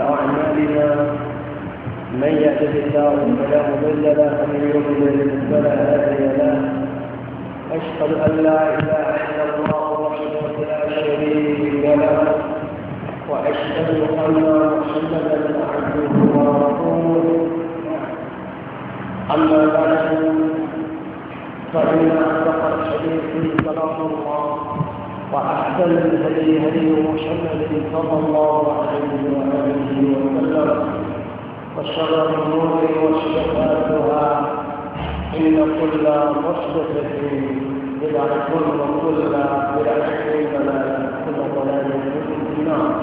أعمالنا من يهده الله فلا مضل له ومن يضلل فلا هادي له أشهد أن لا إله إلا الله وحده لا شريك له وأشهد أن محمدا عبده ورسوله أما بعد فإن أصدق الحديث كلام الله وأحسن الهدي هدي محمد صلى الله عليه وآله وسلم وشر الأمور محدثاتها إن كل محدثة بدعة وكل بدعة ضلالة كل ضلالة في النار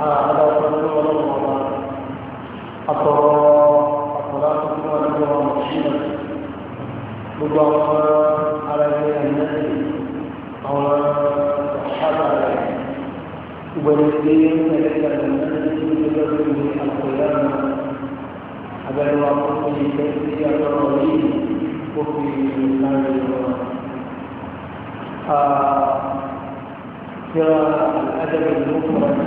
آه، هذا رسول الله أطرى على àwọn ọ̀ṣàbà rẹ̀ ìgbẹ̀rẹ̀ pé ẹ̀lẹ́gbẹ̀rẹ̀ lọ́dún tí ó lọ́dún ní àkọ́yà náà abẹ́rẹ́ wa kó fi ìfẹ́ sí àtọ́rọ̀ yìí kó fi láàrin lọ́wọ́. ترى الأدب المفرد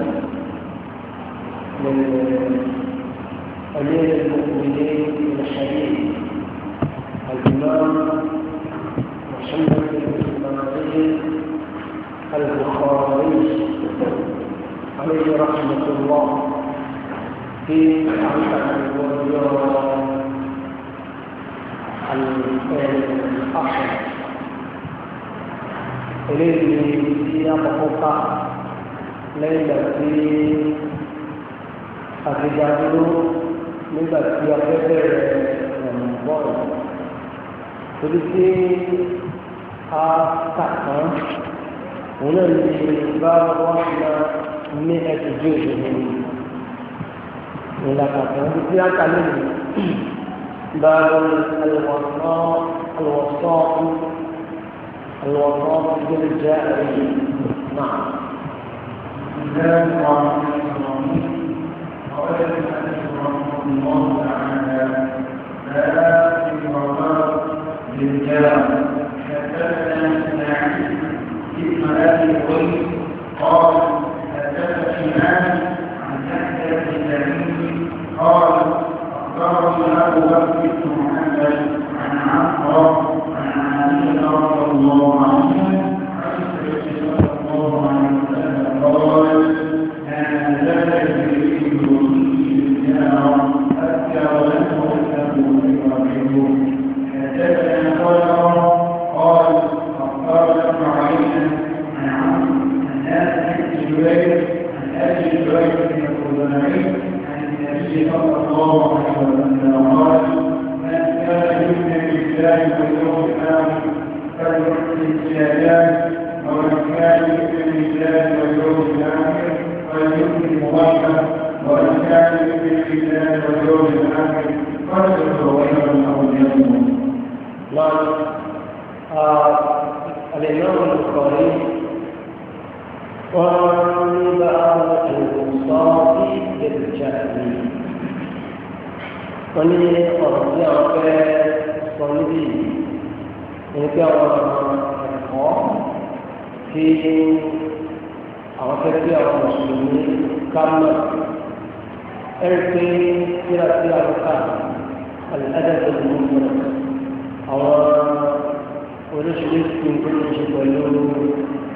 لأمير المؤمنين الحديث الإمام محمد البخاري عليه رحمة الله في عمل الأصل إليه في أبقى ليلة في أتجاهله ليلة في أبقى رمضان torí pé àtàkàn òun náà ní bá wọn na ní ẹsẹ̀ ju ìdòwò ní ìlàkàtà ní tí a kà lónìí bá wọn alwọ̀sọ́ alwọ̀sọ́ gbẹ̀rẹ̀ jẹ́ ẹ̀rí náà. Yeah. أبي قيس قال حدثني مالك عن يحيى بن سعيد قال أخبرني أبو بكر بن محمد ní nǹkan tó ṣe pẹ̀lú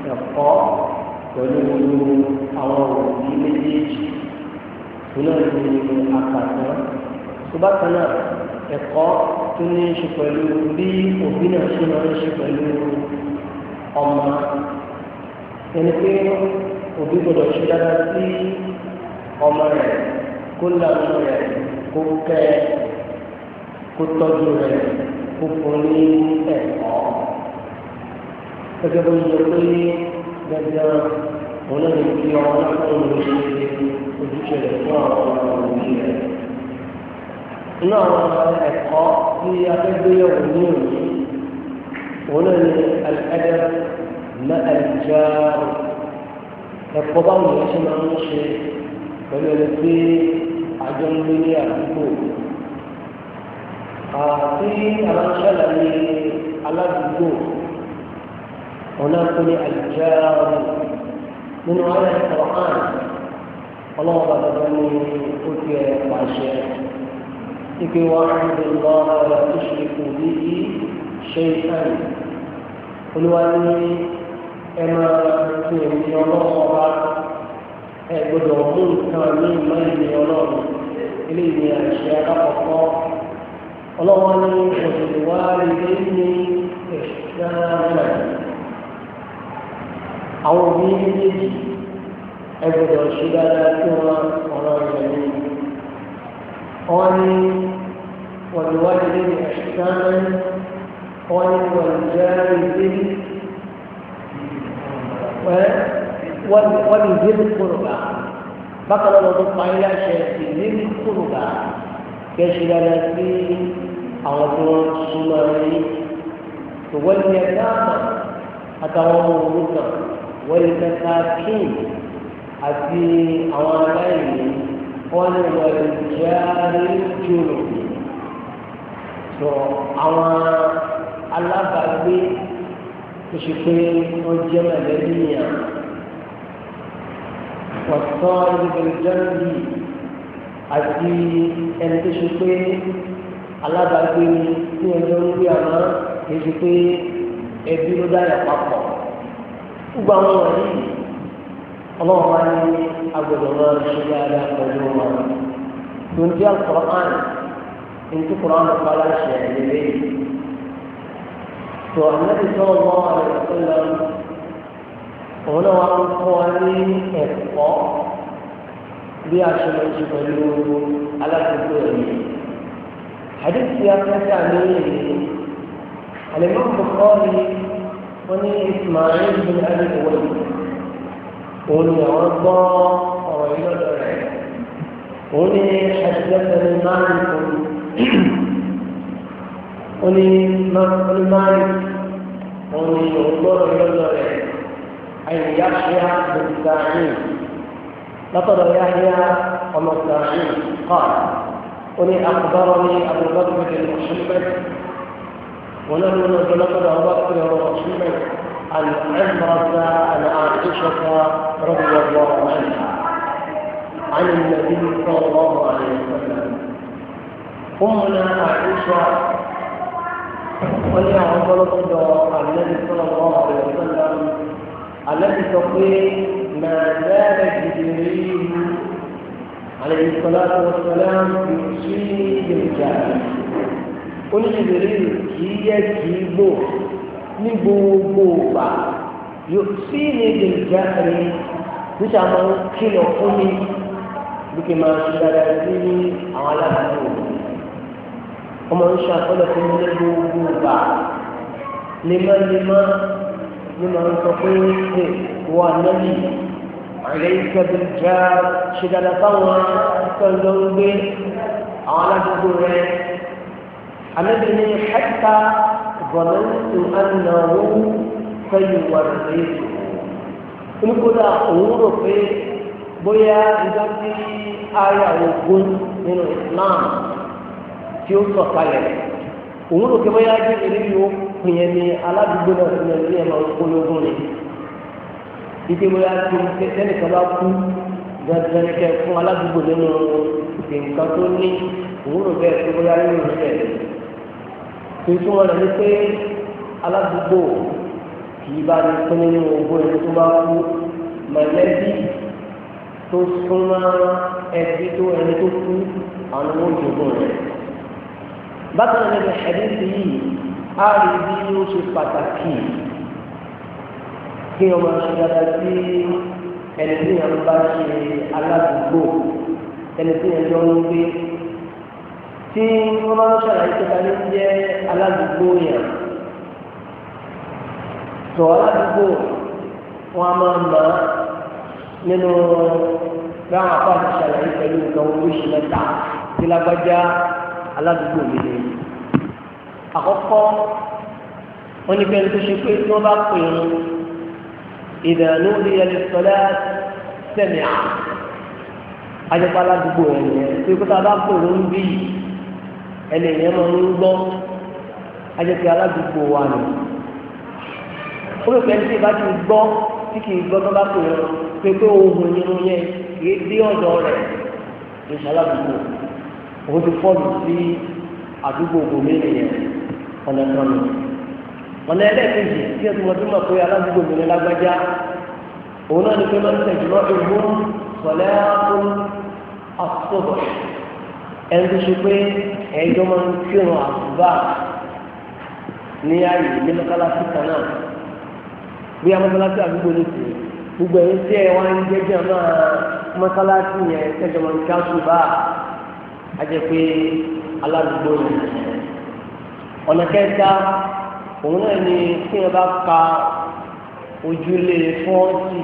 ẹ̀kọ́ pẹ̀lú gbogbo àwọn òbí méjèèjì ìpínlẹ̀ ní àkàtà tó bá kan náà ẹ̀kọ́ tó ní ṣe pẹ̀lú bí òbí náà ṣe máa ń ṣe pẹ̀lú ọmọ ẹni pé òbí gbọdọ̀ ṣe dáadáa sí ọmọ rẹ̀ kó lànà rẹ̀ kó kẹ́ kó tọ́jú rẹ̀ kó fún ní ẹ̀kọ́ gẹ́gẹ́ bó ṣe pé dandan wọn náà ní kí ọmọ náà kọ́ ló ṣe ojúṣe rẹ̀ fún àwọn ọmọ òbí rẹ̀. inú àwọn ẹ̀kọ́ tí akẹ́gbẹ́yẹ̀wò ní òní wọn náà ní alẹ́dẹ́ mẹ́ àlùjá ẹ̀kọ́ báwọn èèyàn ṣe máa ń ṣe pẹ̀lú ẹni pé àjọ ń lé ní àdúgbò àti àwọn ìṣẹ̀lẹ̀ ní aládùúgbò. هناك الجار من وراء القرآن الله تبني قلت يا معشر إذا واحد الله لا تشرك به شيئا قل وأني أما في من الله أعبد ملكا من من يرام إليني أشياء أخرى اللهم أني وفي والديني إحسانا àwọn òbí méjèèjì ẹ gbọ́dọ̀ ṣe dáadáa kí wọ́n ọ̀rọ̀ rẹ̀ ní. wọ́n ní wọ́n ní wájú lórí ẹ̀ṣinṣánná wọ́n ní wọ́n ní jẹ́rìí lórí wọ́n ní ìdílé kúrògbà bákan náà wọ́n pa ilé àṣẹ ìdílé kúrògbà kí ṣe dáadáa sí àwọn tí wọ́n súnmọ́ rí. ìwọ́n ní ẹ̀dá àtàwọn ọmọ òwúrọ̀ náà. والمساكين àti àwọn aláìní wọn lọ ìjáàrí jùlọ sọ àwọn alábàágbé tó ṣe pé wọn jẹ mẹlẹbí yàn pọtọ ìdíjẹrìndì àti ẹni tó ṣe pé alábàágbé ni tí wọn jọ ń gbé àmọ́ kì í ṣe pé ẹbí ló dáyà papọ̀ gbogbo àwọn wọ̀nyí ọlọ́run máa ní agbọ̀dọ̀ máa ṣe dáadáa pẹ̀lú wọn tó ń jẹ́ àkùrán ètò kùrán pàlà ṣe ẹ̀lẹ́lẹ́ tó ànábì sọ̀rọ̀ mọ́ àwọn ìṣẹ̀lẹ̀ òun náà wà ń fún wa ní ẹ̀kọ́ bí a ṣe lọ sí pẹ̀lú aládùúgbò rẹ̀ hadith ya kẹta ní ìlú alimọ́ bukọ́ni wọ́n ní Ismail bin Ali wọlé òun ni àwọn gbọ́ ọ̀rọ̀ yìí lọ́dọ̀ rẹ̀ òun ní ẹ̀sìlẹ́sẹ̀lẹ̀ máàlì fún un ní máàlì òun ni òun gbọ́ ọ̀rọ̀ yìí lọ́dọ̀ rẹ̀ àyìnyá ṣíà lórí sàárín látọ̀dọ̀ yá ṣíà ọmọ sàárín kọ́ ọ ní akọ̀dọ́rọ̀ ní abúlé bàbá mi kẹ́lẹ́ ونحن نتلقى أبكر ورسولا عن عمرة عن عائشة رضي الله عنها عن النبي صلى الله عليه وسلم أمنا عائشة ولي عن النبي صلى الله عليه وسلم التي تقول ما زال جبريل عليه الصلاة والسلام يوصيني بالجاهل oníṣèlérí kì í yẹ kì í gbò ní gbogbo ìgbà yóò sí ní ìdèjà rẹ níta máa ń kìlọ̀ fún mi lókè máa ṣe dáadáa sí àwọn aláàbò ọmọ ń ṣàkọlẹ̀ fún mi ní gbogbo ìgbà lemọ́lemọ́ ni màá sọ pé ṣe wà lẹ́yìn àlẹ́yìn ìjà ṣe dáadáa fáwọn tó ń gbé àwọn aládùúgbò rẹ. النبي حتى ظننت أنه سيورثه نقول أمور في بويا إذا في آية وجود من الإسلام tí ó sọ kalẹ̀ òun ló ké bóyá jẹ́ ìrírí o pinye ni aládùúgbò náà fún ẹni ẹ̀ máa ń polówó ni ike bóyá tó ń ké sẹ́ni kan bá kú dandan kẹ fún aládùúgbò nínú nǹkan tó ní òun ló bẹ́ẹ̀ bóyá yóò rẹ̀ ìtumọ̀ rẹ̀ ni pé aládùúgbò kì í bá ní pín nínú ogún ẹni tó bá kú mọ̀lẹ́bí tó súnmọ́ ẹbí tó ẹni tó kú àwọn ojúgbọ́n rẹ̀. bákan náà ní ẹ̀dínkì yìí á rí bí ó ṣe pàtàkì kí ọmọ ṣe dáadáa sí ẹni tí yẹn bá ṣe aládùúgbò ẹni tí yẹn jọ ń gbé tí wọ́n máa ń ṣàlàyé tó ta ní jẹ́ aládùúgbò yẹn tó aládùúgbò wọn a máa mọ̀ nínú báwọn apá ti ṣàlàyé pẹ̀lú nǹkan oríṣi mẹ́ta tí lágbájá aládùúgbò mi ni àkọ́kọ́ wọ́n ní bẹ́ẹ̀ tó ṣe pé tí wọ́n bá pè é ìdààmú ní ẹni sọlá sẹ́mìà ajẹ́pá aládùúgbò yẹn ni pé kó tá a bá pè é ń bí yìí ẹni ìyẹn máa ń gbọ́ ajẹ́pẹ́ aládùúgbò wa ni ó lè pẹ́ tí ìbá ti gbọ́ tí kì í gbọ́ tó bá pè é pé pé ohun nínú yẹn kì í dé ọ̀dọ̀ rẹ̀ kì í ṣe aládùúgbò òun ti fọ́ọ̀lù sí àdúgbò gòmí nìyẹn ọ̀nà kan nù ọ̀nà ẹlẹ́ẹ̀kejì tí ẹ̀sùn wọn tó mọ̀ pé aládùúgbò mi ní lágbájá òun náà ni pé lọ́sẹ̀ ìjùlọ ìlú sọ̀lẹ́ àkó àtúbọ̀ ẹni tó ṣe pé ẹjọ́ máa ń kírun àbúbá ní ààyè ní mọ́kálásí kan náà bí a mọ́kálásí àdúgbò ní ti gbogbo ẹ̀yìn tí ẹ wá ń jẹ́jẹ́ máa mọ́kálásí yẹn tẹ́jọ́ máa ń kí àbúbá ajẹ́ pé aládùúgbò rẹ̀ ọ̀nà kẹta òun náà ni tí ẹ bá ka ojúlé fọ́ọ̀tì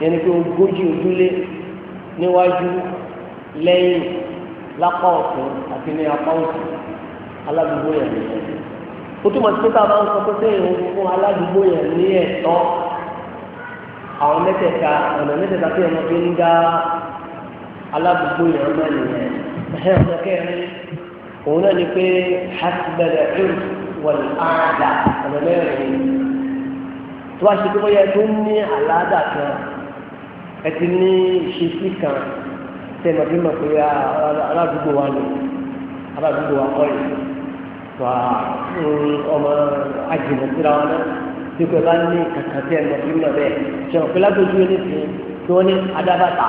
yẹn ni pé ogójì ojúlé níwájú lẹ́yìn lápá ọ̀tún àti ní apá ọ̀tún aládùúgbò yẹn ní ẹ̀. ó túmọ̀ sí pé tá a máa ń sọ pé sẹ́yìn òun fún aládùúgbò yẹn ní ẹ̀tọ́ àwọn mẹ́tẹ̀ẹ̀ta ọ̀nà mẹ́tẹ̀ẹ̀ta tí ẹ̀mọ́ fi ń dá aládùúgbò yẹn mẹ́rin yẹn. ẹ̀hẹ́ ọ̀nà kẹrin òun náà ni pé hasbẹ̀rẹ̀ ẹ̀rù wọ̀lì àádà ọ̀nà mẹ́rin tó bá ṣe pé bóyá ẹ tó ní àládà kan ẹ ti ní ìṣesí kan tẹ̀lé bí mọ̀ pé aládùúgbò wa ni aládùúgbò wa kọ́ yìí tó a ọmọ àjìnà síra wọn náà dípò bá ní kàkà tí ẹ̀ mọ̀ bí mọ̀ bẹ́ẹ̀ ṣẹ̀wọ̀n pé ládùúgbò yẹn ti tó ní adábàtà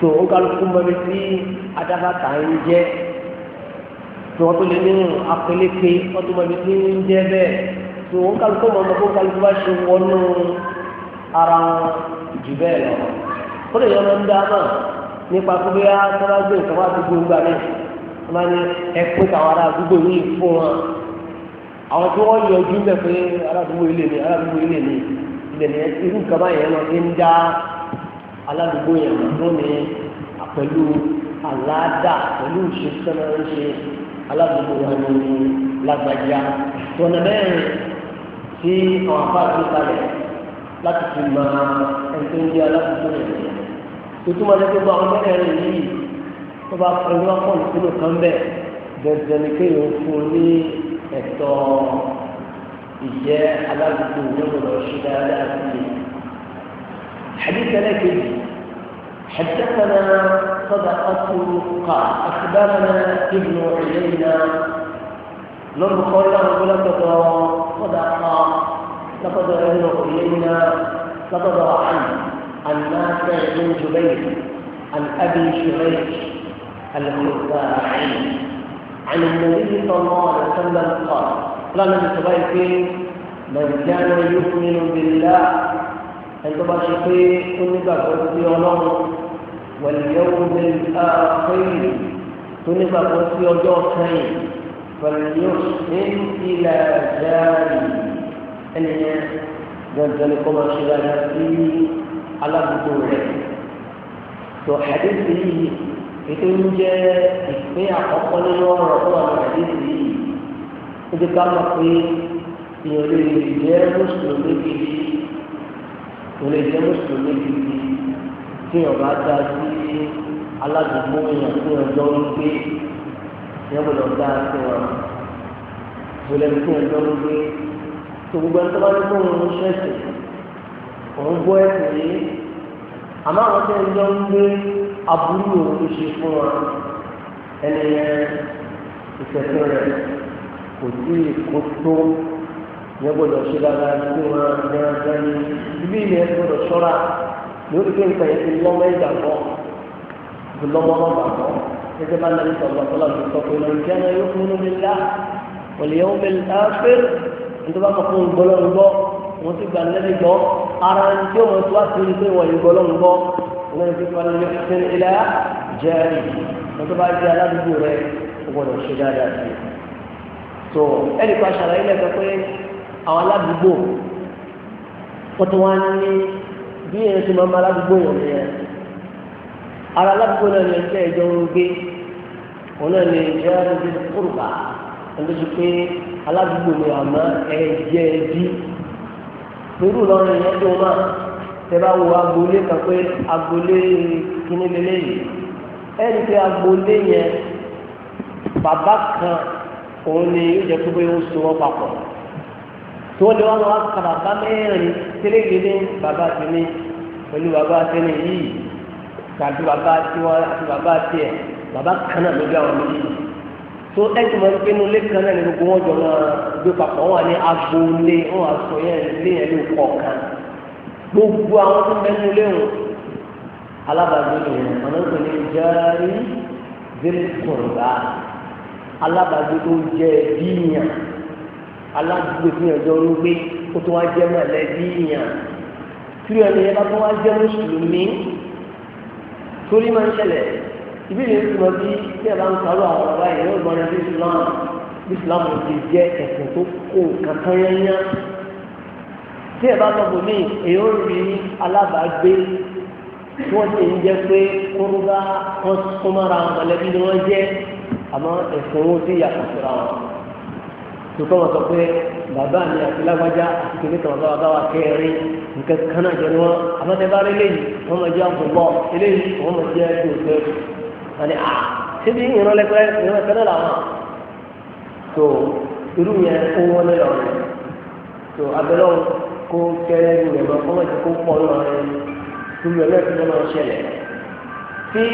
tó ó kálukú mọ́ mi sí adábàtà ń jẹ́ tó wọ́n tó lè nínú apẹlẹ́pẹ wọ́n tó mọ̀ mi sí ń jẹ́ bẹ́ẹ̀ tó ó kálukú mọ́ ọmọ kó kálukú bá ṣe wọnú ara wọn jù bẹ́ẹ̀ lọ ó lè yọ ọmọ ń dá mọ̀ nípa pé bí a tọ́lá gbé nǹkan wá àdúgbò ń gbà ní wọ́n ní ẹ̀kú táwọn ará yìí fún wọn àwọn tí wọ́n yọ ojú bẹ̀ pé aládùúgbò ilé ni aládùúgbò ilé ni ilé ni irú nǹkan báyẹn lọ fi ń dá aládùúgbò yẹn lọ lónìí pẹ̀lú àlàáda pẹ̀lú ìṣesẹ́nà ń ṣe aládùúgbò wa ní lágbàjá tọ́nà mẹ́rin tí àwọn afáàfin kalẹ̀ láti fi máa ẹni tó ń jẹ́ aládùúgbò yẹn ìtumọ̀ ní bá ọmọ mẹ́rin yìí tó bá pọ̀ ní wọ́n pọ̀ nínú kan bẹ́ẹ̀ dẹ̀dẹ̀ ni kéèyàn fún un ní ẹ̀tọ́ ìjẹ́ aládùúgbò nínú lọ sí dáadáa sí i. Àbí tẹ́lẹ̀ kejì, ẹ̀jẹ̀ kan náà sọ́dà حديث لكن náà صدقة قال أخبرنا ابن عيينة لن قوله ولا صدقة لقد ẹ̀yẹ́ عيينة لقد رأيت عن نافع بن جبير عن أبي شريش الخزاعي عن النبي صلى الله عليه وسلم قال قال النبي صلى من كان يؤمن بالله أن تباشقي كل بقوتي ولوم واليوم الآخر كل بقوتي وجوتين فليحسن إلى جاري يعني، أن يجعل لكم شغال فيه aládùúgbò rẹ̀ tó àdéhùn yìí ètò ń jẹ́ ìpín àkọ́kọ́ nínú ọ̀rọ̀ tó wà ní àdéhùn yìí ó ti ká mọ̀ pé èèyàn lè jẹ́ mùsùlùmí gidi èèyàn lè jẹ́ mùsùlùmí gidi tí èèyàn bá dá sí aládùúgbò èèyàn tí èèyàn jọ ń gbé èèyàn gbọ́dọ̀ dá sí wọn ìwòlẹ́ni tí èèyàn jọ ń gbé tó gbogbo ẹni tó bá ní kó ń ṣẹ̀ṣẹ̀ òun gbọ́ ẹ̀sìn yìí àmọ́ àwọn tẹ́ ń jọ ń gbé aburú òun tó ṣe fún wa ẹni yẹn ìṣẹ̀tún rẹ̀ kò sí ìkótó yẹn gbọ́dọ̀ ṣe dáadáa sí wọn dáadáa ní ibi yẹn gbọ́dọ̀ ṣọ́ra lórí pé nǹkan yẹn ti lọ́mọ ìgbàgbọ́ ti lọ́mọ ìgbàgbọ́ gẹ́gẹ́ bá nàbí sọ̀rọ̀ sọ́lá ti sọ pé lọ́n jẹ́ náà yóò fún un mi lá òlìyẹ́wò mi lá fẹ́ nítorí wọn kọ́ fún un ara ẹni tí ó mọ̀ tó wá sí ilé wọn ìgbọ́ lọ́nà gbọ́ ìwé ní fífa ní ṣe ilẹ̀ jẹ́ ìwé tó bá jẹ́ aládùúgbò rẹ̀ ó gbọ́dọ̀ ṣe dáadáa sí i. tó ẹnì kan ṣàlàyé lẹ́sẹ̀ pé àwọn aládùúgbò wọ́n ti wá ní bí ẹni tó máa ma aládùúgbò yàn ní ẹ ara aládùúgbò náà ní ẹgbẹ́ ìjọ ń gbé òun náà ní ìjọ ń gbé kúrùbà ẹni tó ti pé aládùúgbò ni pẹ̀lú lọ́rùn yẹn tó máa tẹ bá wo agboolé kan pé agboolé kíní lélẹ́yìí ẹni pé yẹn bàbá kan òun ni yóò pé ó so papọ̀ tó lè wá ka bàbá mẹ́rin tẹ́lẹ̀ ní bàbá tẹ́lẹ̀ pẹ̀lú bàbá tẹ́lẹ̀ yìí tàbí bàbá tiwọn àti bàbá tiẹ̀ bàbá kan náà tó ẹtù máa ń pé inú ilé kan náà ní gbogbo wọn jọ náà gbé papọ̀ wọn ní agboolé wọn aṣọ yẹn ilé yẹn ló kọ̀ kan gbogbo àwọn tó bẹ́ẹ̀ nílé wọn alábàágbé ni wọn àwọn náà pèlè járí zélùkùnrà alábàágbé tó jẹ bíyàn aládùúgbò tó yàn jọ ló gbé kó tó wá jẹ mọ̀lẹ́ bíyàn tí wọn lè yẹ bá tó wá jẹ mùsùlùmí torí máa ń ṣẹlẹ̀ ìbéèrè ń lọ bí tí ẹ bá ń sọ̀rọ̀ àwọn ọ̀rọ̀ báyìí yóò gbọ́n ní Islam Islam ò ti jẹ́ ẹ̀sìn tó kó kankan yányá tí ẹ bá sọ fún mi èyí ó rí alábàágbé tí wọ́n ti ń jẹ́ pé kóróbá wọn súnmọ́ra àwọn mọ̀lẹ́bí ni wọ́n jẹ́ àmọ́ ẹ̀sìn wọn ti yàtọ̀ síra wọn tukọ̀ wọn sọ pé bàbá mi àti lágbájá àti kìnní kan bá bá wa kẹrin nǹkan kan náà jẹ wọn àmọ́ tẹ bá rí eléyìí wọ́n máa jẹ́ àbùbọ̀ eléyìí wọ́n máa jẹ́ àbùbọ̀ wọ́n ní à ah, síbi ìran lẹ́gbẹ́ ìran ẹ̀fẹ́ náà làwọn tó irú yẹn ó wọ́n ní lọ́rùn tó abẹ́rẹ́ wọn kó kẹ́rẹ́ ní ìrẹ̀mọ́ kó wọ́n ti kó pọ̀ lọ́rùn túmí ọlọ́ọ̀tún náà máa ṣẹlẹ̀ tí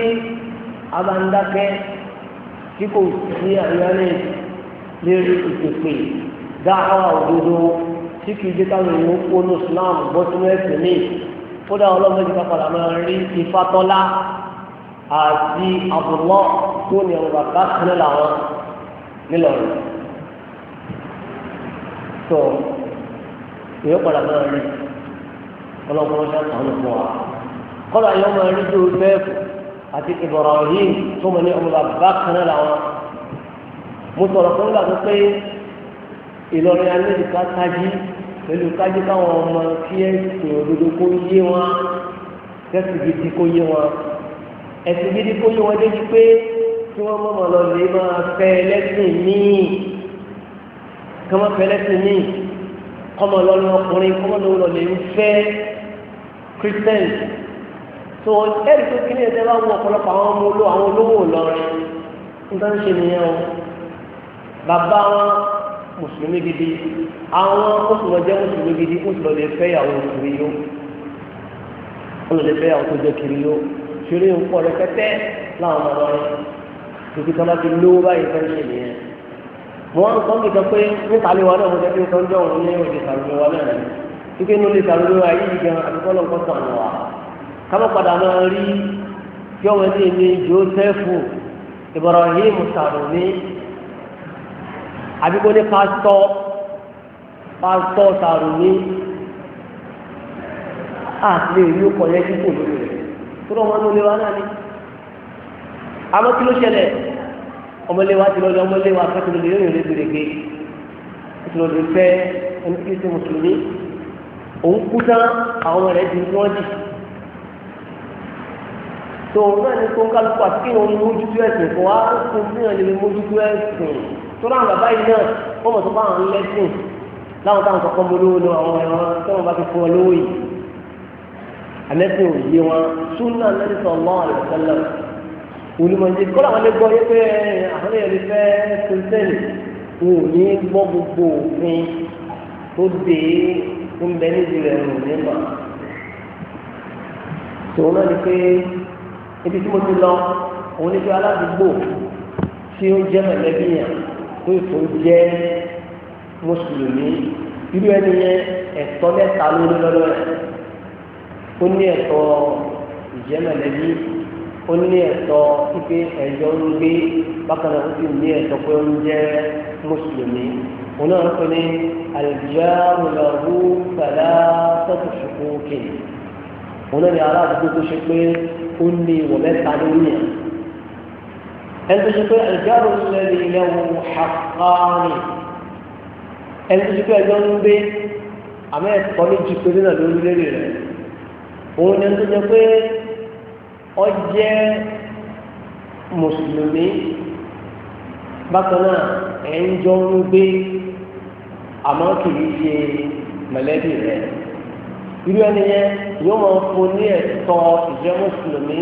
a bá ń dákẹ́ tí kò sí àyálẹ̀ lérí ìpèpè dáhàwá òdodo tí kìí jẹ́ káwọn èèyàn kó ní Islam bọ́tún ẹ̀sìn ní kódà ọlọ́mọdé ká padà máa rí àti Abdullah tó ní ọ̀rọ̀ bàbá kan làwọn nílọrin tó èyí padà máa rí ọlọ́pàá ṣe àtàwọn fún wa kọ́lá yóò máa rí Joseph àti Ibrahim tó mọ̀ ní ọmọ bàbá kan làwọn mo sọ̀rọ̀ fún ìgbà pé Ìlọrin amẹ́ríkà tají pẹ̀lú kájí káwọn ọmọ kí ẹ̀sìn òdodo kó yé wọn kẹ́sì kó yé wọn ẹ̀sìn gidi kó yé wọn débi pé kí wọ́n mọ̀mọ́ lọ lè máa fẹ́ lẹ́sìn míì kí wọ́n fẹ́ lẹ́sìn míì kọ́mọ lọ́lọ́ ọkùnrin kọ́mọ lọ́wọ́ lè ń fẹ́ Christian tó ẹ̀rí tó kí ní ẹ̀sẹ̀ bá wọ ọ̀pọ̀lọpọ̀ àwọn ọmọ olówó àwọn olówó lọ́rin nígbà ń ṣe nìyẹn o bàbá wọn mùsùlùmí gidi àwọn oṣùwọ̀n jẹ́ mùsùlùmí gidi oṣùwọ̀n lè fẹ́ ìyàwó kiri yó oṣùwọ̀n lè fẹ́ ìyàwó tó jẹ́ kiri yó òṣèré ń pọ̀ rẹpẹtẹ láwọn ọmọ wọn ibi tí wọn bá ti lówó báyìí fẹ́ ṣe nìyẹn wọn ń sọ́n kíkan pé níta lé wọn náà mo jẹ́ pé nǹkan jọ òun ní òde sàrúgbó wọn náà ni wípé inú lè sàrúgbó wa yìí gan àdúgbò lọ́nkọ́ sàn wà kámọ́ padà máa rí kí ọmọ ẹni ní Jósẹ́fù Ibrahim Sàrùmí àdúgbò ní pásítọ̀ pásítọ̀ Sàrùmí àti lè rí ó kọ̀ yẹ kíkò lórí rẹ̀ tóró ọmọ inú ilé náà ni àmọ́ kí ló ṣẹlẹ̀ ọmọlé wa ti lọ́dọ̀ ọmọlé wa fẹ́ tìlọ́dọ̀ yóò yọ̀lẹ́ gbèrègbè tìlọ́dọ̀ fẹ́ ẹni kí ṣe mùsùlùmí òun kú tán àwọn ọmọ rẹ̀ di ní wọ́n dì tó náà ní kó ń kálukú àti kí wọn mójútó ẹ̀sìn kó wá kó fún yàn lè mójútó ẹ̀sìn tó láwọn bàbá yìí náà wọ́n mọ̀ tó bá àwọn lẹ́sìn láwọn táwọn kọ̀ọ̀kan mọ́ lówó lọ àwọn ẹ̀rọ tó wọn bá fi fún ọ lówó yìí àmẹ́sìn òye wọn súnà lẹ́yìn sọ lọ́wọ́ àlùfẹ́lẹ́ olùmọ̀jẹ kọ́lá wọn lè gbọ́ yé pé àwọn èèyàn lè fẹ́ kírísítẹ́nì wọn ò ní gbọ́ gbogbo òfin tó dé ń bẹ níbi rẹ̀ rò ní tòun náà ni pé ibi tí mo ti lọ òun ní pé aládùúgbò tí ó jẹ́ mẹ̀lẹ́bí yẹn tó ìfò jẹ́ mùsùlùmí irú ẹni yẹn ẹ̀tọ́ mẹ́ta ló lọ́dọ̀ rẹ̀ ó ní ẹ̀tọ́ ìjẹ́mọ̀lẹ́bí ó ní ẹ̀tọ́ pípé ẹ̀jọ́ ń gbé bákan náà ó sì ní ẹ̀tọ́ pé ó ń jẹ́ mùsùlùmí òun náà pè ní àlùjáàmùlọ́rù pẹ̀lá tọ́tù ṣùkú kìnnì òun náà ní aláàbò tó ṣe pé ó ní ìwọ̀ mẹ́ta lórí ẹ̀ ẹni tó ṣe pé àlùjáàmùlọ́rù ilẹ̀ wò ṣàkárì ẹni tó ṣe pé ẹjọ́ ń gbé àmọ́ ẹ̀kọ́ méjì péré náà lórí lérè rẹ̀ òun ni tó jẹ pé ọ jẹ́ mùsùlùmí bákan náà ẹ̀ ń jọ ń gbé àmọ́ kìí ṣe mọ̀lẹ́bí rẹ̀ irú ẹni yẹn yóò máa fún ní ẹ̀tọ́ ìjẹ́ mùsùlùmí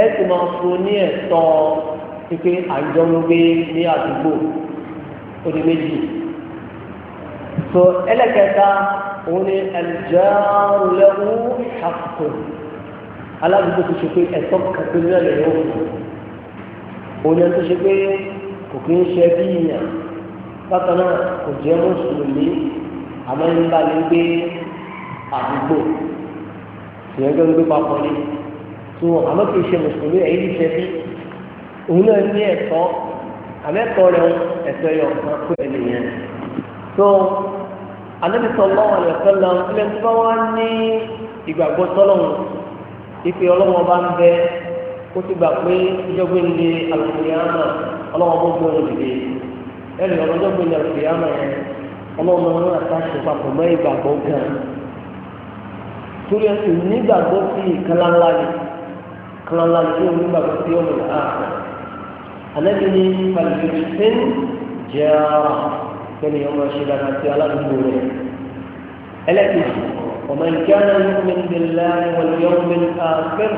ẹ̀ sì máa fún ní ẹ̀tọ́ pípé àjọmọ́gbé ní àdúgbò ó di méjì. so ẹlẹ́kẹta òun ni alìjáàrúlẹ́wọ́ ṣàkó aládùúgbò tó ṣe pé ẹ̀tọ́ kàpé náà lè yóò fún òun ni tó ṣe pé kò kí ń ṣe bí ìyàn bákan náà kò jẹ́ mùsùlùmí àmọ́ ń bá lè gbé àdúgbò ìyẹn gbé gbé papọ̀ ni tó àmọ́ kì í ṣe mùsùlùmí ẹ̀yìn anabi sallallahu alaihi wasallam ilẹ̀ tí wọ́n wá ní ìgbàgbọ́ sọ́lọ́run ìpè ọlọ́wọ́ bá ń bẹ ó ti gbà pé ìjọba ilé alùpùpù ọlọ́wọ́ bó gbóhùn dìde ẹnì ọlọ́jọ́gbé ilé alùpùpù yẹn ọlọ́wọ́ máa ń àtàkùn papọ̀ mọ́ ìgbàgbọ́ gan torí ẹsẹ̀ nígbàgbọ́ sí ìkànnà ńlá ni onígbàgbọ́ sí ọmọ ìhà anabi ní palifẹsẹ̀ jẹ́ ara kẹ́ni ọmọ ṣe dára sí aládùúgbò rẹ̀ ẹlẹ́kìtì ọmọ ìkíáná yóò fi lẹ́ wọlé yóò fi àfẹ́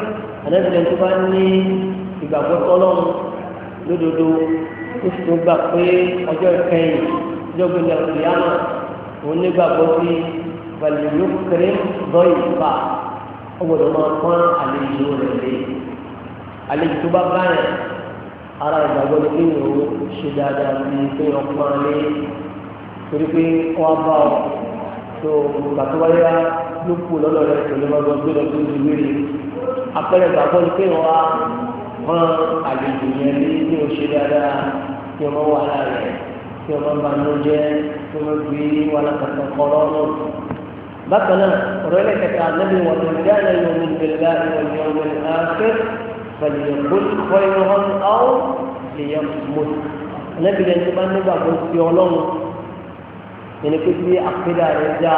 ànábìlẹ̀ tó bá ní ìgbàgbọ́ tọ́lọ́run lódodo ó sì tó gbà pé ọjọ́ ìkẹyìn ọjọ́ gbẹ̀dẹ̀ ìyáàmà òun nígbàgbọ́ sí balẹ̀ yóò kéré lọ́ ó gbọ́dọ̀ máa pọ́n àlejò rẹ̀ lé àlejò tó bá báyà ara ìgbàgbọ́ ní kí ni ó ṣe dáadáa sí pé ọpọ́n lé torí pé wọ́n bá ọ tó gbàtúwáyá ló kú lọ́dọ̀ rẹ̀ pẹ̀lú ọgbọ́n gbé lọ sí ìwéèrè apẹ̀rẹ̀ gbàgbọ́ ni pé wọ́n á rán àlejò yẹn ní ní oṣù dáadáa kí wọ́n wà láàrẹ̀ kí wọ́n bá ló jẹ́ kí wọ́n gbé wọn lákàtà kọ́rọ́ náà. bákan náà ọ̀rọ̀ ẹlẹ́kẹta lẹ́bi wọn tó ń dá lẹ́yìn omi ìgbẹ̀lá ìwọ̀n ìwọ̀n ìwọ̀n àfẹ́ فليقل خيرا أو ليصمت النبي yẹn pé bí àkídà rẹ̀ já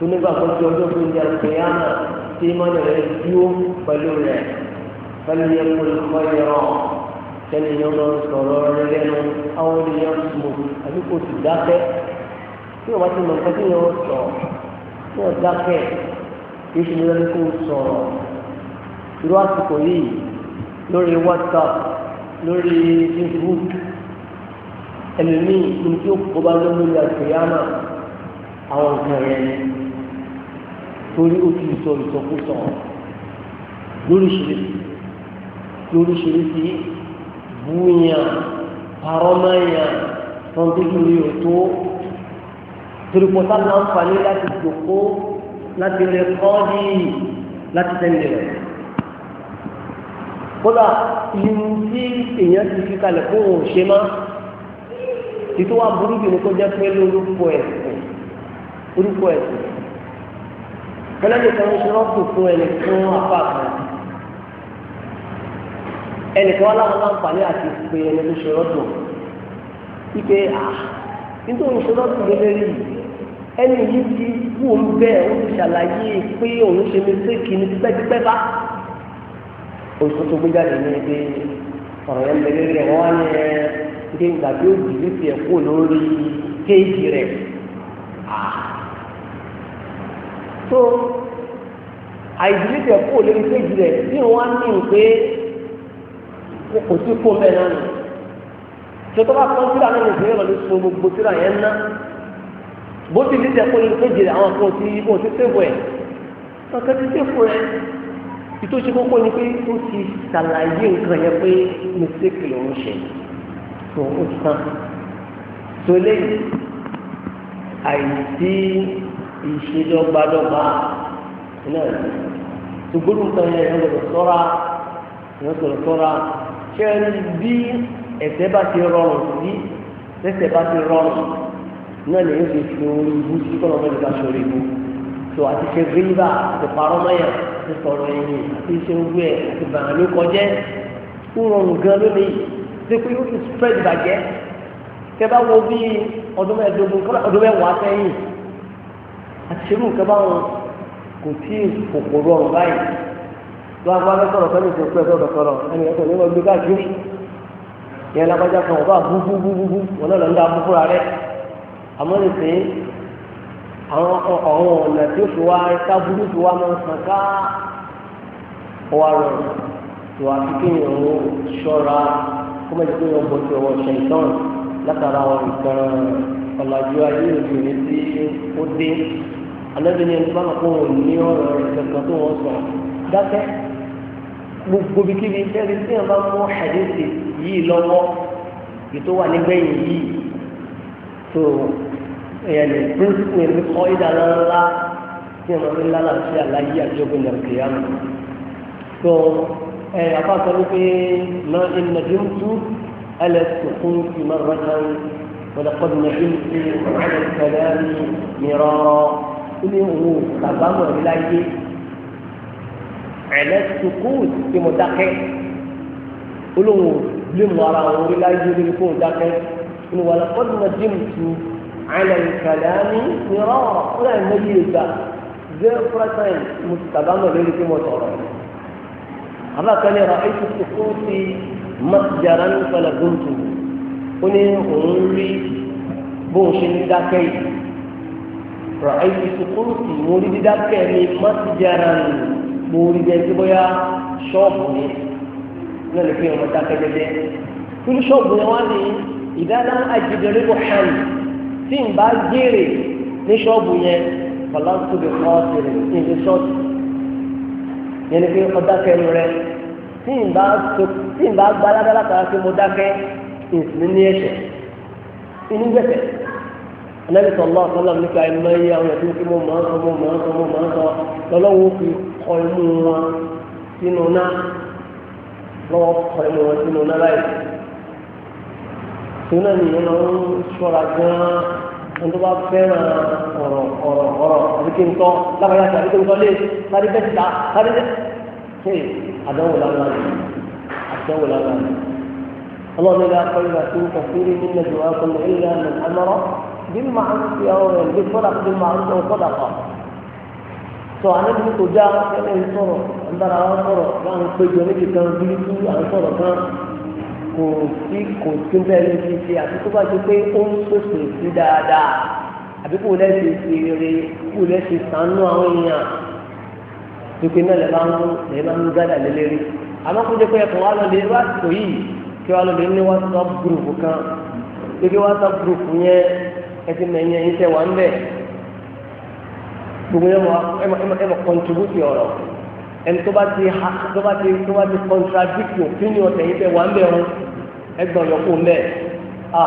tó nígbà tó ti ọjọ́ tó ń jẹ àkíyàmà tí mọ́nà rẹ̀ dúró pẹ̀lú rẹ̀ pẹ̀lú yẹn kó lè kọ́ yẹrọ kẹ́ni yẹn lọ sọ̀rọ̀ rẹ̀ lẹ́nu àwọn ènìyàn mọ̀ àbí kò sì dákẹ́ tí wọ́n bá ti mọ̀ nǹkan tí yẹn sọ tí wọ́n dákẹ́ kí ṣe ní lọ́dún kó sọ̀rọ̀ irú àsìkò yìí lórí WhatsApp lórí Facebook ẹlòmíì ní tí ó kó bá lórí àtìyámà àwọn nǹkan yẹn ni torí ó ti sọ ìsọkúsọ lóríṣiríṣi lóríṣiríṣi búyà parọ́máyà tọ́ńtòkìrì òtó torípọ̀tà láǹfààní láti jòkó láti rẹkọ́ọ̀dì láti tẹ̀lé rẹ̀ kódà irun tí èèyàn ti fi kalẹ̀ fún òun ṣe máa títí wá burú jù ní kó jẹ́ pé lórúkọ ẹ̀sìn orúkọ ẹ̀sìn kẹlẹ́dẹ̀ kan ń ṣọ́ọ̀kù fún ẹni fún apá kan ẹnìkan aláwọ̀ láǹfààní àti pé ẹni tó ṣe rọ́dù wípé nítorí ṣe rọ́dù lélẹ́rì ẹni yìí ti wù ń bẹ́ ó ti ṣàlàyé pé òun ṣe mi pé ní tipẹ́tipẹ́ bá òṣìṣẹ́ tó gbé jáde ní ẹgbẹ́ ọ̀rọ̀ yẹn ń ṣe ń gbà tí ó jì ní tiẹ̀ kó lórí kéèjì rẹ̀ tó àìjìlẹ̀ tiẹ̀ kó lórí kéèjì rẹ̀ bí wọ́n á ní pé kò sí kó bẹ́ẹ̀ náà nù tó tó bá kọ́ síra náà nìyí lọ́nà ló so gbogbo síra yẹn ná bó ti ní tiẹ̀ kó lórí kéèjì rẹ̀ àwọn kan ti kó ti sèbò ẹ̀ kankan ti sèbò ẹ̀ ìtòsí kókó ni pé ó ti ṣàlàyé nǹkan yẹn pé mistake lòún ṣe tó ó sàn tó léyìn àìsí ìṣèdọ́gbadọ́gba náà ṣùgbọ́n nǹkan yẹn yẹn gbọdọ̀ sọ́ra yẹn gbọdọ̀ sọ́ra ṣé bí ẹ̀ṣẹ̀ bá ti rọrùn sí tẹ́ṣẹ̀ bá ti rọrùn náà lè yóò fi fi orí ibú sí kọ́nà ọmọdé ká sọ̀rọ̀ ibú tó àti ṣe gírígbà àti parọ́ mọ́yà àti sọ̀rọ̀ ẹ̀yìn àti ṣe ogun ẹ̀ àti bàrà ló kọjẹ́ ó rọrùn gan lónìí ṣe pé yóò ti spread bàjẹ́ tẹ bá wo bí ọdún mẹ́ẹ̀ẹ́dógún kọ́lá ọdún mẹ́wàá sẹ́yìn àṣírù nǹkan báwọn kò tí kòkòrò ọ̀rọ̀ báyìí lọ́wọ́ àwọn akẹ́kọ̀ọ́ kan ní ìṣòro pé ẹ̀dọ́ ọ̀dọ̀kọ̀rọ̀ ẹni ẹ̀kọ́ ní wọ́n gbé káàkiri ìyẹn lágbájá kan ọba búbúbúbú wọn náà lọ ń da fúnfúnra rẹ àmọ́ ní sè é àwọn ọ̀nà tí ó fi wá ẹ̀ka burú fi wá máa ń sàn ká ọwọ́ rẹ̀ tó àfikún ìrànwọ́ ṣọ́ra kó má jẹ́ pé wọ́n bọ́ sí ọwọ́ ṣẹ̀ǹtọ́n látara àwọn nǹkan ọ̀làjú ayé òde òní tí ó dé anábìnrin ẹni bá wọn kó wọn ní ọ̀rọ̀ ìkẹ̀kọ̀ tó wọ́n sọ dákẹ́ gbogbo ibikíbi tẹ́lẹ̀ tí wọ́n bá mú àdéhùn yìí lọ́wọ́ ètò wà nígbẹ̀yìn yìí tó ẹ̀yẹ̀lẹ̀ píríncípù ẹ̀mí kọ́ ìdáná ńlá tí wọ́n fi ńlá láti àlàyé àjọgbìn ẹ apá sọ wípé lọ ìnà bí ń tú ẹlẹ tuntun ti máa rẹ náà wọlé kọdù náà bí ń tú ẹlẹ tẹ́lẹ̀ mìíràn ó ní wò bàbá mọ̀ ní láyé ẹlẹ tuntun ti mo dákẹ́ olóhùn lè mọ ara wọn ní láyé ní kó dákẹ́ ó ní náà bí ń tú ẹlẹ tẹ́lẹ̀ mìíràn ó náà ní ìgbà zero percent mo ti tàbá mọ̀ lórí pé mo sọ̀rọ̀ yìí. Allah kan ní ra'aytu sukuti masjaran falaguntu ó ní òun rí bóun ṣe ní dákẹ́ yìí ra'aytu sukuti mo rí dídákẹ́ ní masjaran mo rí bẹ́ẹ̀ tí bóyá ṣọ́ọ̀bù ni náà lè fi hàn mọ́ dákẹ́ jẹjẹ nínú ṣọ́ọ̀bù yẹn wá ní ìdáná àjẹjẹrẹ bó hàn tí n bá jèrè ní ṣọ́ọ̀bù yẹn fọláńtò bẹ̀ kọ́ ọ́ ní ṣọ́ọ̀tù yẹn ni pé ọdákẹ́ nu rẹ tí n bá so tí n bá gba aládàá látara pé mo dákẹ́ ìsìn ní ẹ̀ṣẹ̀ inú gbẹ̀sẹ̀ anabi sọlọ sọlọ nípa ẹmọ yìí àwọn ẹtí kí mo máa ń sọ mo máa ń sọ mo máa ń sọ lọlọ́wọ́ fi kọ imú wọn sínú náà lọ́wọ́ kọ imú wọn sínú náà láì sínú náà nìyẹn lọ́wọ́ ṣọ́ra gan-an ẹni wá fẹ́ràn ọ̀rọ̀ ọ̀rọ̀ ọ̀rọ̀ àbíkí ńkọ́ lábàáyá sí àbíkí ńkọ́ lé sáré bẹ́ẹ̀ ta sáré bẹ́ẹ̀ ṣe àdánwò lánàá ni àdánwò lánàá ni. ọlọ́run ilé akọ́lùmọ̀ tó ń kọ̀sírí nínú ẹ̀dùn akọ́lù ilé àmì amọ́rọ́ bí màá ń fi ọ̀rọ̀ ẹ̀ bí fọ́dà bí màá ń sọ fọ́dà pa. sọ anábìrì kò já ẹni sọ̀rọ̀ ń bára wọn sọ̀rọ̀ láwọn péjọ méjì kan bíi kò sí kò sí ń bẹ́ẹ̀ lójú ṣe àti tó bá ṣe pé ó ń pèsè sí dáadáa àbí kò lẹ́sẹ̀ ṣe eré kò lẹ́sẹ̀ sànú àwọn èèyàn pípé náà lè máa ń lè máa ń gádà lélẹ́rí àmọ́ kó jẹ́ pé ẹ̀kọ́ wa lọ lè wá sọ yìí kí wa lọ lè ní whatsapp group kan pípé whatsapp group yẹn ẹ ti mẹ̀yìn ẹ̀yìn tẹ̀ wá ń bẹ̀ gbogbo ẹ̀ mọ̀ ẹ̀ mọ̀ contribute ọ̀rọ̀ ẹni tó bá ti ha tó bá ti tó bá ti contradict opinion tẹ̀yìn tẹ̀ wá ń bẹ̀ wọn ẹgbọ̀n yọkù mẹ́ a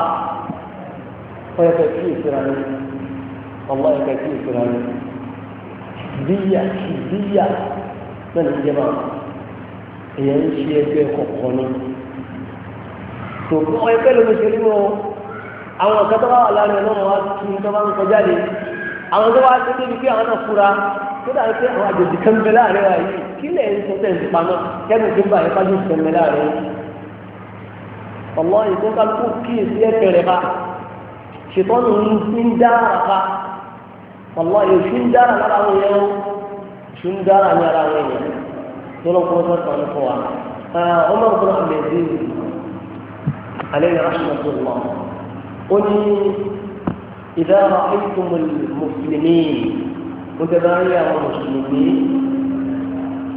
ọyọ kẹ kí ìsira ni ọmọ yẹ kẹ kí ìsira ni bíyà bíyà náà ní jẹba èèyàn ń ṣe ẹgbẹ́ kọ̀ọ̀kan ni tó kọ́ ọyọ kẹ́ ló ń ṣe nínú àwọn kan tó bá wà lára ẹ̀ náà wá tún tó bá ń kọjá de àwọn tó bá ti débi pé àwọn náà fura tó dàbí pé àwọn àjòjì kan bẹ láàrin wa yìí kí lè ń sọtẹ̀ ń pamọ́ kẹ́nu tó bá ìfájú kan bẹ láàrin ọ̀lọ́ ìkó kálukú kíyè sí ẹ̀fẹ̀ rẹ̀ bá ṣètọ́nù ń dára bá ọ̀lọ́ ìṣú ń dára lára àwọn yẹn ṣú ń dára ní ara àwọn yẹn tó lọ́kọ́ ọ̀sán kan fún wa ọmọ ọ̀gbọ́n àmẹ́sí alẹ́ ní aṣọ ó ní ìdára ìtumùl mùsùlùmí متبايع ومسلمين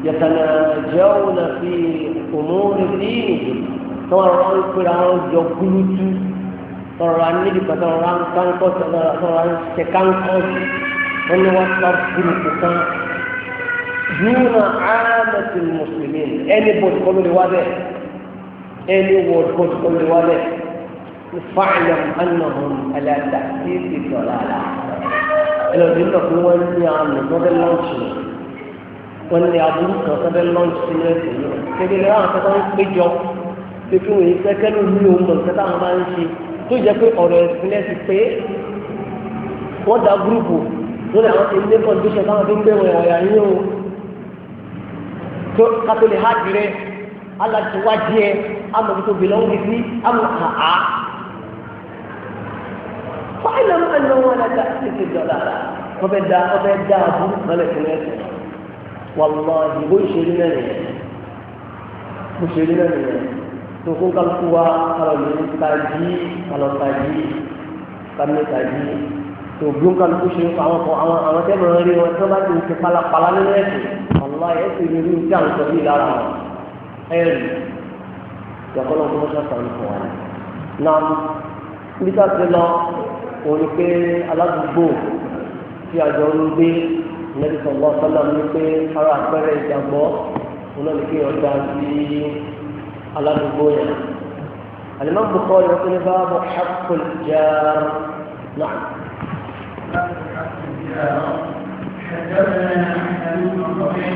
يتناجون في أمور دينهم tọrọ ń pera wọn jọ kúlútú tọrọ anídìí kan tọrọ ń kánkọ tọrọ ń ṣe kánkọ wọn ni wọn sọ gúrùpù kan dúnà ámẹtì mùsùlùmí ẹni bọ̀dù kọ́ lórí wa bẹ́ẹ̀ ẹni wọ̀dù bọ̀dù kọ́ lórí wa bẹ́ẹ̀ fáìlẹ̀ mọ́nà hàn aláàdá sí ìdọ̀lá aláàdá ẹlẹ́dìí náà pé wọ́n ní àmì lọ́dẹ lọ́ọ̀tì wọ́n ní aburú kan lọ́dẹ lọ́ọ̀tì sínú ẹ̀sìn náà kékeré àwọn akẹ́kọ̀ọ́ ń péjọ pé kí wọ́n yẹ kẹ́kẹ́ ló ní òun mọ̀ nǹkan táwọn máa ń ṣe tó jẹ́ pé ọ̀rọ̀ ẹ̀sìn ẹ̀sìn pé wọ́n da gúrùpù lórí àwọn ti ní kọ́ndíṣọ̀ táwọn fi ń gbé wọn ọ̀yà yín o واعلم انه ولا تحسك الضلالة وبدا وبدا ابو ملك الاسم والله بشرنا بشرنا تكون كالقوى kalau ini tadi kalau tadi kami tadi tòbíún kan kó ṣe àwọn kan àwọn àwọn tẹ́ mọ̀ rí wọn tó bá ti ń ṣe pálapàla nínú ẹ̀sìn ọ̀la ẹ̀sìn ní irú tí à ń sọ lára wọn ẹ̀rì ìjọkọ́lọ́ kó fún wa. na òun ni pé aládùúgbò tí àjọ ń gbé nẹ́bí sọ̀rọ̀ sọ́lá ní pé ara àpẹẹrẹ ìjàgbọ́ òun náà ní pé ọjà sí aládùúgbò yẹn. àlùmọ́ bùkọ́ ni wọ́n ti ní sọ́dọ̀ ni pe ara apeere bọ̀ ṣàkóso jà ba bo sakoso jẹ́ naa حدثنا محمد بن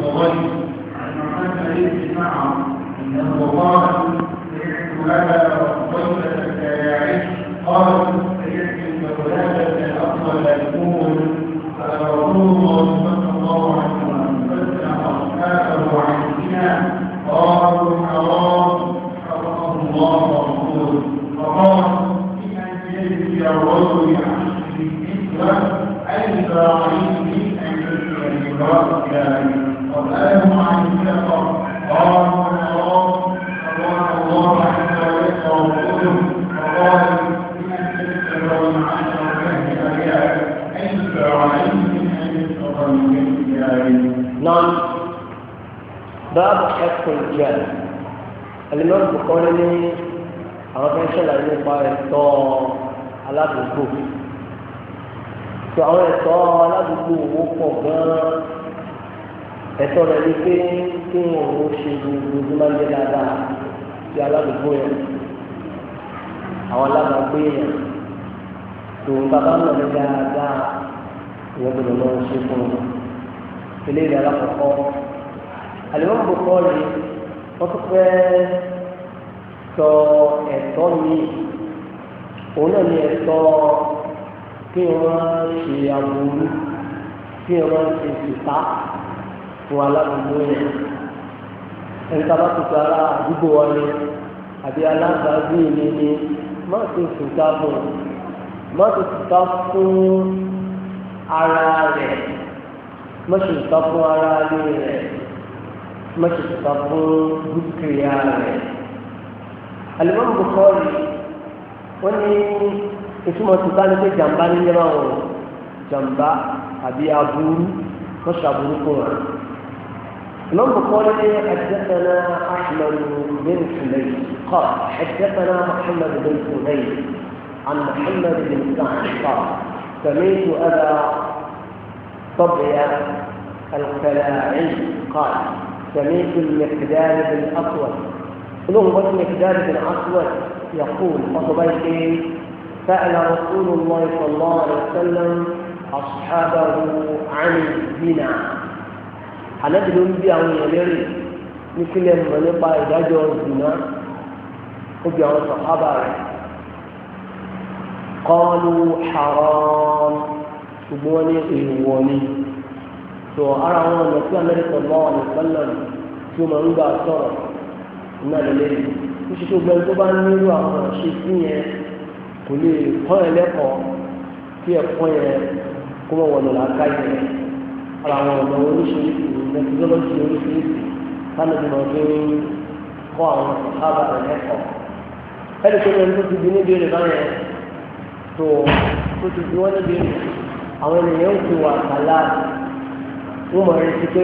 فضيل عن محمد بن معمر انه قال لنا وقلت التابعين قالوا فجئت فهذا الافضل يكون رسول الله àkójọ ẹlẹ́mọ̀tì Bukhari ní àwọn fẹ́ ṣẹlẹ̀ nípa ẹ̀tọ́ aládùúgbò tó àwọn ẹ̀tọ́ aládùúgbò owó pọ̀ gan-an ẹ̀tọ́ rẹ̀ ní pé kí òun ṣe gbogbo tó máa ń jẹ́ dáadáa sí aládùúgbò yẹn àwọn alábàágbé yẹn tó ń bàbá ń ní dáadáa ìwọ́n gbọ́dọ̀ lọ́wọ́ ṣe fún un eléyìí alákọ̀ọ́kọ́ àlùmọ́ àbùkọ́ rí wọ́n tó fẹ́ sọ ẹ̀tọ́ mi òun náà ni ẹ̀tọ́ kí wọ́n ṣe àwòrán kí wọ́n ṣe ìta fún aláàbò yẹn ẹ̀ka bá tuntun ara àdúgbò wọn ni àbí alábàágbé mi ni má ti tuta fún má ti tuta fún ara rẹ̀ má ti tuta fún ara rẹ̀. mọ́ṣẹ̀ṣẹ̀ta fún dúkìá rẹ̀. alimami bukori wọ́n ní ìtumọ̀ tuta ní pé jàmbá ní yẹ́bà wọn jàmbá àbí aburú mọ́ṣẹ̀ aburú kò wọ́n. الإمام البخاري حدثنا أحمد بن حميد قال حدثنا محمد بن حميد عن محمد بن سعد قال سمعت أبا طبع الخلاعي قال سمعت المقداد بن أسود قلوه بس المقداد بن أسود يقول فطبيت سأل رسول الله صلى الله عليه وسلم أصحابه عن الزنا هنبدو نبيع ويغيري مثل ما نبقى إذا جاء الزنا وبيع الصحابة قالوا حرام سبوني إيواني tó ara wọn ọ̀nà tí amẹ́ríkà bá wà ní sálẹ̀ tí ó máa ń gbà sọ̀rọ̀ iná lélẹ́ yìí ó ṣe tó gbẹ́ni tó bá ní irú àwọn ṣe sí yẹn kò lè kọ́ ẹ lẹ́kọ̀ọ́ kí ẹ̀kọ́ yẹn kó mọ̀ wọ̀nà làákà yẹn ara wọn ọ̀nà oríṣiríṣi mẹtidọ́lọ́jì oríṣiríṣi sálẹ̀ tó máa fi ń kọ́ àwọn sábà lẹ́kọ̀ọ́ ẹni tó ti di níbi wọ́n mọ̀ retí pé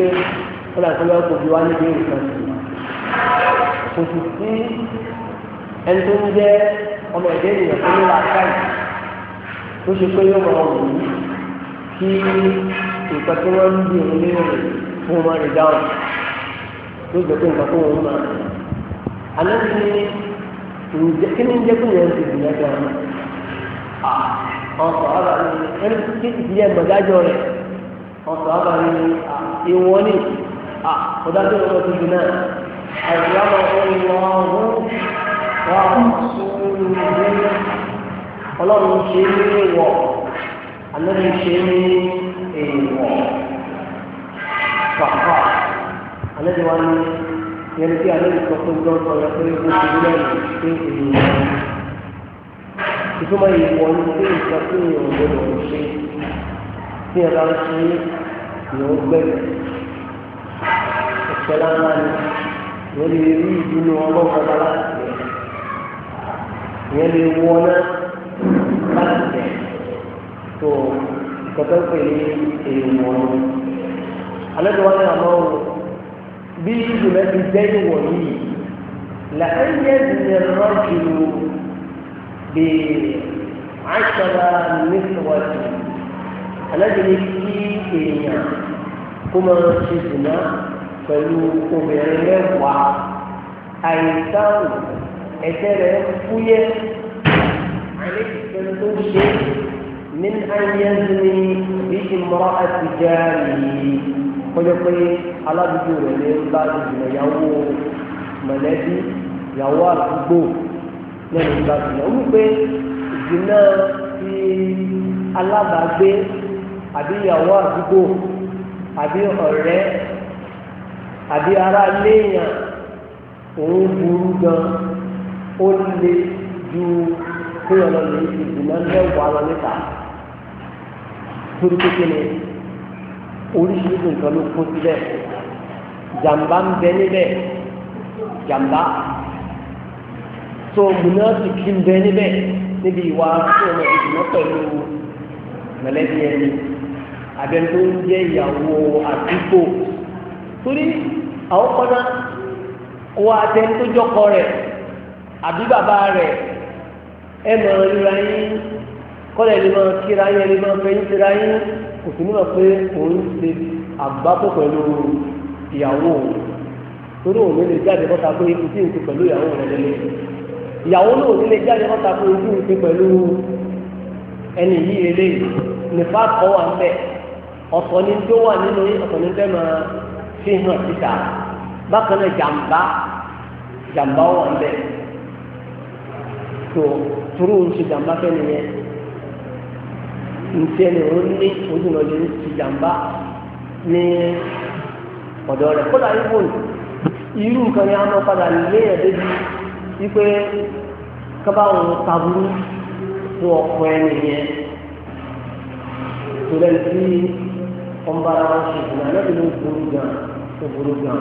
wọ́n làtí wọ́n kò bí wá níbi nǹkan sí kò sì sí ẹni tó ń jẹ́ ọmọ ẹ̀dẹ́ ènìyàn tó ní làákàyè tó ṣe pé yóò mọ̀ wò ó kí nǹkan tí wọ́n ń bí òun lérò fún wọn rè dáhùn tó jẹ́ pé nǹkan tó wọ́n mọ̀ àná ti ní kí ni ń jẹ́ kí nìyẹn ti bìyànjú àwọn ọkọ̀ ọ̀rọ̀ ẹni tí ìdílé mọ̀dájọ́ rẹ̀ ọ̀sán àbá ní ìwọ ní ọ̀dájú ọ̀rọ̀ tuntun náà àìsílámà ọlọ́run wà sóòrùn ọlọ́run ṣe ní ìwọ̀ ànábi ṣe ní ìwọ̀ pàpà ànábi wà ní yẹn tí ànábi sọ fún dọ́tọ̀ yẹn pé ó ti rí lẹ́nu pé ìwọ̀ ìtumọ̀ ìwọ̀ ní pé ìtọ́sí ìwọ̀ ló ń ṣe tí ẹ bá ń ṣe ìwọ gbẹ̀rẹ̀ ẹ̀ṣẹ̀ lára ni ìwọ lè rí ìdúró ọlọ́pàá bá láti bẹ̀ ìyẹn lè wọ náà láti bẹ̀ tó ìkọ̀tọ́ pè ní èèwọ̀ ni alẹ́ tó wá ní àmọ́ o bí ìdùnnà ti jẹ́ ìwọ̀ yìí làkàyè ìdílé rọ́ọ̀kì lò bèèrè àìsàn nípa ìwọ̀n alábìíní kí èèyàn kó máa ṣe dùnà pẹ̀lú obìnrin mẹ́wàá àìsáhùn ẹ̀jẹ̀ rẹ̀ fúyẹ́ àìlèkìtẹ́ tó ṣe من أن يزني بامرأة جاره kọjọ pé aládùúgbò rẹ lè ń bá ìgbìmọ̀ ìyàwó mọ̀lẹ́bí ìyàwó àdúgbò lẹ́nu ìgbà ìyàwó wípé ìgbìmọ̀ ti alábàágbé àbí ìyàwó àdúgbò àbí ọ̀rẹ́ àbí ará léèyàn òun burú gan ó le ju kéèyàn lọ lè fi ìdùnnà mẹ́wàá lọ níta torí kékeré oríṣiríṣi nǹkan ló kó síbẹ̀ jàǹbá ń bẹ níbẹ̀ jàǹbá tó múná sì kí ń bẹ níbẹ̀ níbi ìwà tó ọmọ ìdùnnà pẹ̀lú mẹ̀lẹ́bí ẹni abẹ́ni tó ń jẹ́ ìyàwó àdúgbò torí àwọn kọ́nà wọ abẹ́ni tó jọkọ rẹ̀ àbí bàbá rẹ̀ ẹ mọ̀ ríra yín kọ́lẹ̀ lè máa kíra yín lè máa fẹ́ yín kíra yín kò sí nígbà pé òun ṣe àgbákò pẹ̀lú ìyàwó torí òun lè jáde bọ́ta pé ikú tí ń ti pẹ̀lú ìyàwó rẹ̀ lélẹ̀ ìyàwó náà lè jáde bọ́ta pé ikú ń ti pẹ̀lú ẹni yìí eléyìí nípa kọ́ wà ń bẹ̀ ọ̀tọ̀ ni tó wà nínú ọ̀tọ̀ ni tẹ́ máa fi hàn síta bákan náà jàǹbá jàǹbá wà ń bẹ̀ tó turu ń ṣe jàǹbá fẹ́ni yẹn ntí ẹni òun ní ojú náà lè ṣe jàǹbá ní ọ̀dọ́ rẹ̀ kódà yìí wò irú nǹkan ni a máa padà lé ẹ̀dẹ́bi wípé kábàáwọn taburú. n'o ọkọ ẹni yẹn tó lẹ́nu tí wọ́n bá na wọn ṣe ìgbìmọ̀ lẹ́bi ló burú gan ló burú gan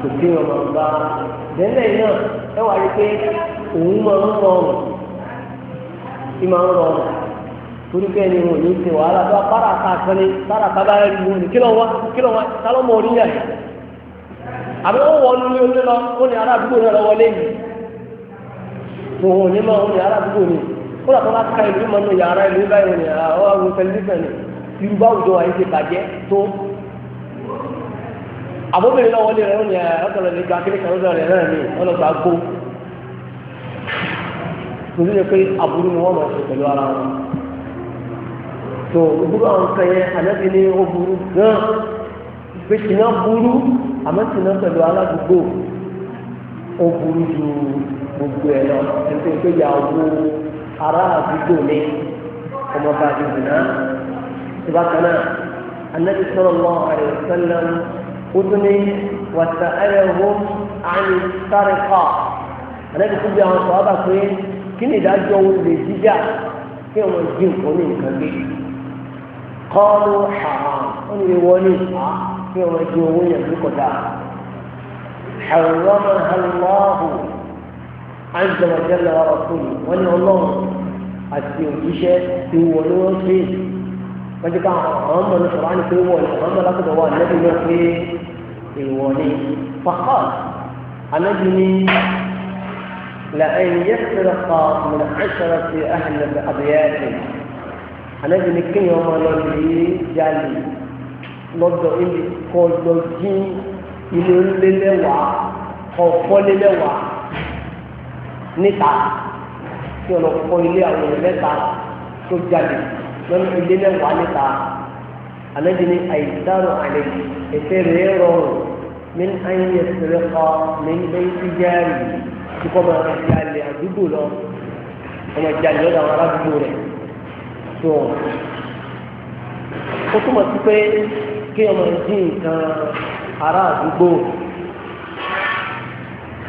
kò kí wọn máa bá dẹ́lẹ̀ náà ẹ wà rí pé òun máa ń rọrùn kí máa ń rọrùn torí pé ẹni ní ọdún kó lọ́tọ́ bá ka ìlú mọ́nú yàrá ìlú báyìí ni àwọn àwọn tẹlifíṣàn ni yorùbá òjò wa yìí ti bàjẹ́ tó. àbóbìnrin náà wọlé rẹ̀ ó ní ọ̀tọ̀lọ̀ lè gba akéde kan lọ́dọ̀ rẹ̀ náà ni wọ́n lọ gba gbó. tòun yẹ pé aburú ni wọ́n mọ̀ ṣe pẹ̀lú ara wọn. tó burú àwọn kan yẹn ànábi ní ó burú gan. pé tìǹà burú àmọ́ tìǹà pẹ̀lú aládùúgbò ó burú ju gbogbo ẹ̀ lọ ẹni tó ń yà owó ará àdúgbò ni ọmọ bá ti dùn náà ìbákan náà anabi sallallahu alaihi wasallam ó tún ní wàtà ẹrẹ̀wó àmì sárẹ̀kọ̀ anabi tún bí àwọn sọ wá bá pé kí ni ìdájọ́ òun lè jíjà kí wọ́n jí nǹkan ní nǹkan gbé kọ́ọ̀lù haram ó ní wọ́n ní ìfà kí wọ́n jí owó yẹn ní kọjá. حرمها الله àǹtẹ̀wọ̀tẹ́lẹ̀ ọ̀rọ̀ fún mi wọ́n ní ọlọ́run àti òjíṣẹ́ ti wọ ní wọ́n ṣe wọ́n ti ká àwọn ọmọ ní sọ̀rọ̀ àni pé wọ́n ní àwọn ọmọ lákòókò wà lẹ́bi náà pé èèwọ̀ ni fàkọ́ anájú ní lẹ́yìn yẹ́sẹ̀rẹ̀ pa mìíràn ẹ̀ṣẹ̀rẹ̀ sí àhìlẹ̀ àbẹ̀yẹ́sẹ̀ anájú ní kéèyàn ọmọ lọ lè jalè lọ́dọ̀ ilé kọ́ jí ilé ńlẹ́lẹ́wàá kọ́ fọ́lẹ́lẹ́wàá níta kí ọ̀nà kọ́ ilé àwọn èèyàn mẹ́ta tó jáde lọ́nà ilé mẹ́wàá níta àlejò ní àìsàn àlejò ètè rèé rọrùn ní ayé ẹsẹ̀rẹ̀ kọ́ ní ilé ìjáàrí tí kò máa ń jalè àdúgbò lọ ọmọ jalè lọ́dọ̀ àwọn aládùúgbò rẹ̀ tó o túmọ̀ sí pé kí ọmọ ìdí nǹkan ará àdúgbò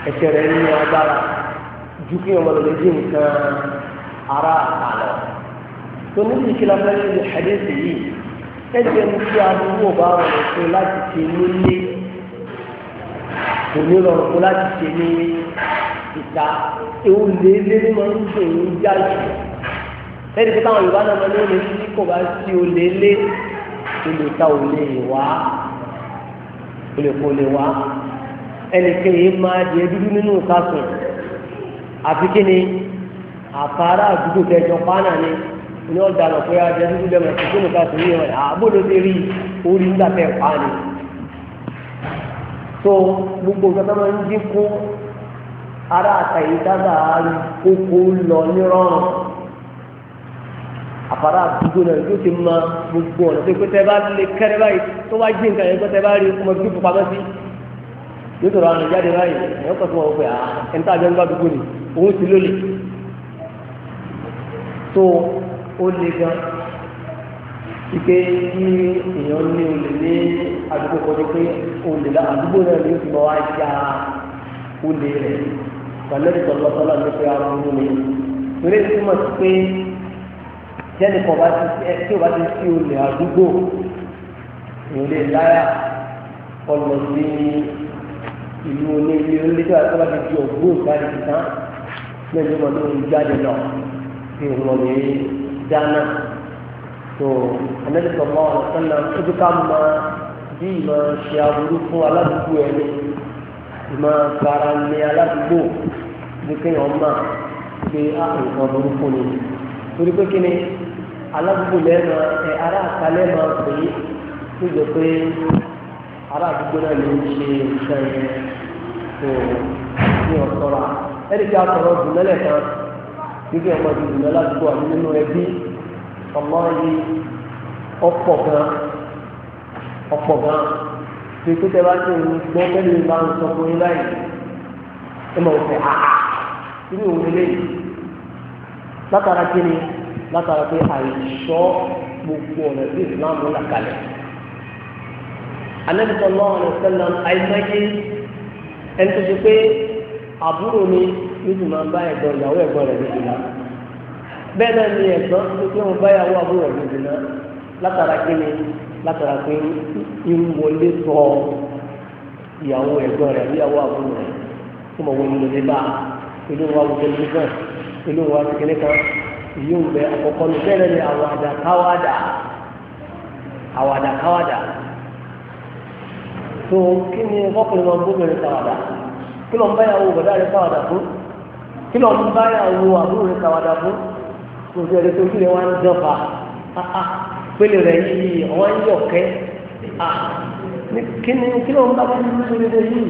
ẹsẹ̀ rẹ̀ ní agbára ju kí ọmọ lọ́lẹ́ jí nǹkan ara àlọ́ tó níbi ìkìlá fẹ́rẹ́ ní àdéhùn yìí ẹ̀jẹ̀ ní kí arúgbó bá rọrùn fún láti ṣe nílé kò ní rọrùn fún láti ṣe ní ìta ewu lélẹ́ ní máa ń dùn ún já jù ẹ̀rí pé táwọn Yorùbá náà máa ní olè tí kò bá sí olè lé olè ta olè wá olè kò lè wá ẹnìkan yìí máa di ẹdúdú nínú kásùn àfi kí ni àfárá àdúgbò kẹjọ pánà ni ní ọ̀dà lọ pé ajẹ́ dúdú lẹ́mọ̀ ẹ̀sìn tó nìkan sí yẹn àbúrò ti rí orí nígbà tẹ̀ pa ni. tó gbogbo nǹkan tó máa ń dínkù ara àtàyè dáadáa kókó lọ nírọ̀rùn àfárá àdúgbò náà yóò ti máa gbogbo ọ̀nà tó pé tẹ́ bá lè kẹ́rẹ́ báyìí tó bá jí nǹkan yẹn tó tẹ́ bá rí ọmọ tó fi pamọ́ sí nítorí àwọn ìjáde báyìí ẹ̀yọ́ kọ̀ tó wọ́n pé àá ah, ẹni tá a jẹ́ ń bá dúgbò ni òun ti lólè tó ó le gan ike tí èèyàn ní olè ní àdúgbò kọjá pé olè la àdúgbò náà ni ó ti máa wá ya olè rẹ̀ pẹ̀lẹ́rì tọ́lọ́tọ́lá ní pé ara ọ̀hún ni eré túmọ̀ sí pé jẹ́nìkan bá ti tí o bá ti sí olè àdúgbò ìròlé láyà ọlọ́sí ìlú olóyè onílé tó bá ti di ọgbọ́n ìgbàdì tán lẹ́yìn ọmọ lórí jáde lọ fi wọn lè dáná tó anẹ́tọ̀ mọ́ ọ̀sán náà ó ti ká mọ bí ìmọ̀ ṣe aburú fún aládùúgbò ẹni ìmọ̀ gara ní aládùúgbò bí kéèyàn mọ̀ pé á ah, nǹkan burúkú ni torí pé kí ni aládùúgbò lẹ́nu ẹ̀ ará àkálẹ́ máa pè é tó jẹ pé. Ara àdúgbò náà ló ń ṣe iṣẹ́ yẹn tó ní ọ̀sọ́ra ẹni tí a sọ̀rọ̀ dùnmẹ́lẹ̀ kan gbígbé ọmọ ti dùnmẹ́ ládùúgbò àti nínú ẹbí ọmọ yìí ọ̀pọ̀ gan ọ̀pọ̀ gan fi pé tẹ́lá tó ń gbọ́ mẹ́lẹ̀ bá ń sọ fún yín láyìí ẹ máa fẹ́ àhà irú òun eléyìí látara kí ni látara pé àìsọ gbogbo ọ̀nà tí ìsìlámù là kalẹ̀ anabi sallallahu alaihi wasallam àìmọye ẹni tó ṣe pé àbúrò ni nítorí máa ń bá ẹ̀gbọ́n ìyàwó ẹ̀gbọ́n náà bẹ́ẹ̀ náà ni ẹ̀gbọ́n tó pé wọn bá ìyàwó àbúrò rẹ̀ níbi náà látara kí ni látara pé ìwọlé sọ ìyàwó ẹ̀gbọ́n rẹ̀ ìyàwó àbúrò rẹ̀ kó mọ̀ wọ́n ló lè inú wa wọ́n lè bá inú wa kékeré kan ìyóò bẹ àkọ́kọ́ ní bẹ́ẹ̀ ni àwàdà kawada. àwàdà káwàdà. So, kí ni ọkùnrin lọ bóbìnrin sáwàdà kí lọ ń bá yàwó bàbá rẹ sáwàdà fún kí lọ ń bá yàwó àbúrò rẹ fún kò ẹ̀rẹ́ tó kí lè wá ń dọ́fà pélé rẹ̀ yìí ọwọ́ ń yọ̀ kí ni kí lọ ń bá bá yàwó tó lédè yìí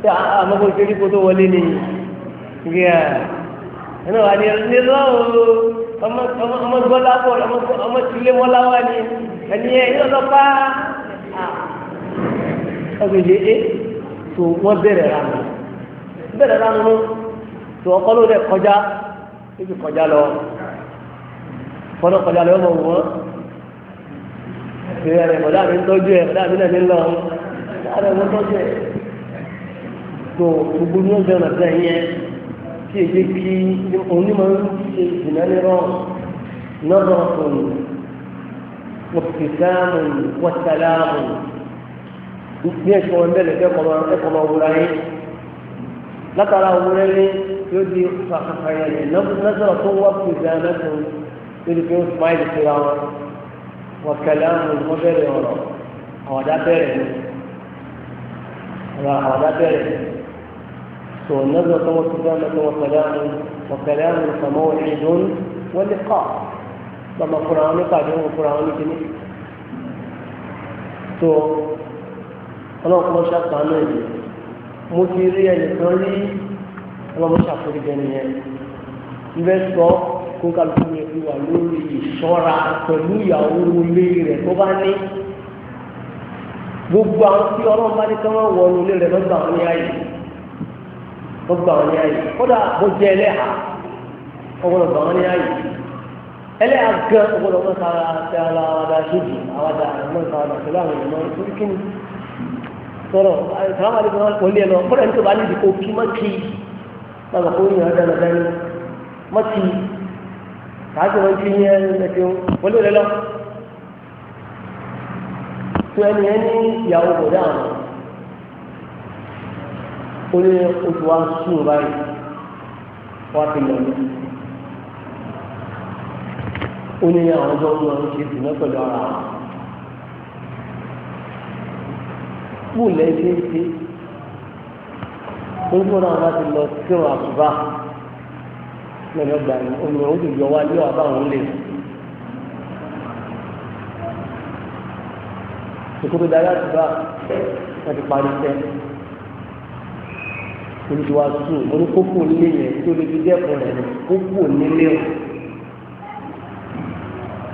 tí àmọ́kò ìṣẹ́jú kó tó wọlé ni gíga ẹnu wa ni ẹni lọ́wọ́ ọmọ gbọ́dọ̀ ọmọ tilé mọ́lá ni ẹni ẹ yọ̀ lọ́pàá ẹgbẹ́ yé é tó wọ́n bẹ̀rẹ̀ ránu bẹ̀rẹ̀ ránu tó ọkọ ló dẹ̀ kọjá níbi kọjá lọ fọdọ kọjá lọ ọmọ wọn ìrìn àrẹ ọ̀dà mi ń tọ́jú ẹ̀ ọ̀dà mi náà mi ń lọ ọ̀dà mi ń tọ́jú ẹ̀ tó gbogbo ní ní ẹ̀sùn wọn bẹ́ẹ̀ lẹ́kẹ́ kọ́mọ ẹ̀kọ́ máa wúra yín látara wúra yín yóò di fàkàkàyà yìí lọ́sọ̀rọ̀ tó wá kù sí anásùn lórí pé ó smáìlì síra wọn wọ́n kẹlẹ́ àwọn ọmọ bẹ̀rẹ̀ ọ̀rọ̀ àwàdà bẹ̀rẹ̀ àwàdà bẹ̀rẹ̀ tó lọ́sọ̀rọ̀ tó wọ́n kù sí anásùn wọ́n kẹlẹ́ àwọn ọ̀kẹlẹ́ àwọn ìfọ̀mọ́ ìdún wọ́n lè kọ́ lọ́mọ fúnra wọn nípa àdéhùn fúnra wọn ní kíní. ọlọ́run kọ́ ṣàpàánú ẹ̀yẹ mo ti rí ẹnìkan rí ọlọ́run ṣàforíjẹ nìyẹn ibẹ̀ sọ kó kálukú yẹn fi wà lórí ìṣọ́ra pẹ̀lú ìyàwó ilé rẹ̀ tó bá ní gbogbo àwọn tí ọlọ́run bá ní kí wọ́n wọ ilé rẹ̀ lọ́gbà wọn ní ààyè lọ́gbà wọn ní ààyè kódà bó jẹ́ ẹlẹ́hà ọgbọ́dọ̀ gbà wọn ní ààyè ẹlẹ́hà gan ọgbọ́dọ̀ mọ́ta ara ṣe ara wa dá ṣe jù àwọn àdá àwọn mọ́ta ara ṣe láwọn ìmọ̀ orí kíni sọ̀rọ̀ sàlámà ní sọ̀rọ̀ kò lé lọ kọ́lẹ̀ bá ní ìdìbò kí má kí máa kó yìnyín ọ̀dà lọ́dà ní má kí káàkiri wọn ti yẹ ẹ̀sìn wọlé rẹ lọ. tó ẹni ẹni ìyàwó kò dá àwọn ó oṣù wa sùn báyìí wọ́n fi lọ ní. ó ní àwọn ọjọ́ wọn ṣe sùn náà ara wọn. bù lẹ́sẹ̀ ṣe gbogbo náà wá ti lọ sí ọ̀rọ̀ àbúrò lẹ́nu ọgbà yìí omi ò sì yọ wá ní ọ̀bá òun lè. ìkótó darí àdúrà wọ́n ti parí sẹ́ olùdíwà sùn mo ní kókó nílé yẹn tí o lè fi dẹ́kun rẹ̀ ní nílé o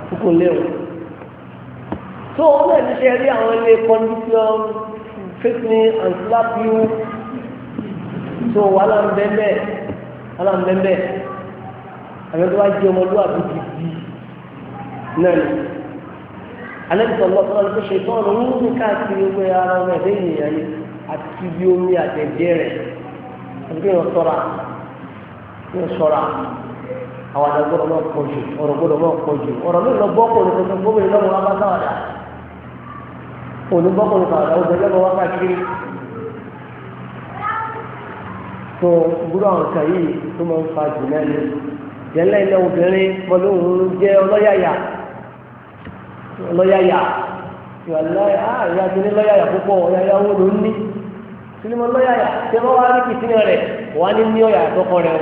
kókó nílé o tó o náà ti ṣe rí àwọn ilé kọ́ndíṣọ́n fix me and slap you so wàhálà ń bẹ́ bẹ́ẹ̀ wàhálà ń bẹ́ bẹ́ẹ̀ àmì tó wá jẹ́ ọmọlúwàbí gidi náà ni alẹ́bùsọ̀ lọ́sọ̀rọ̀ ló ṣe tán ọ̀rọ̀ ń rìn káàkiri owó ara ọmọ ẹ̀dẹ́ ènìyàn ni àti bí omi àtẹ̀jẹ́ rẹ̀ àti bí wọ́n sọ́ra wọ́n sọ́ra àwọn àdàgbọ́dọ̀ náà pọ̀ jù ọ̀rọ̀ gbọ́dọ̀ náà pọ̀ jù ọ̀rọ̀ ló lọ bọ́ pọ̀ lọ́sọ̀rọ̀ gbọ́dọ̀ náà wọ́n á bá sáwàdà olùgbọ́kùnrin kan àwọn ọ̀dọ́ lẹ́gbọ̀ọ́ wákàtí kiri tó gbúdọ̀ àwọn nǹkan yìí tó máa ń fa jù náà ni jẹ́lẹ́ ilẹ̀ obìnrin pọ̀lọ́hún jẹ́ ọlọ́yàyà ọlọ́yàyà ìwàlọ́yà àyà ti ní lọ́yàyà púpọ̀ ọ̀yàyà owó ló ń ní sinimá lọ́yàyà tí wọ́n wá ní kìsìn rẹ̀ wà ní ní ọ̀yà àtọkọ rẹ̀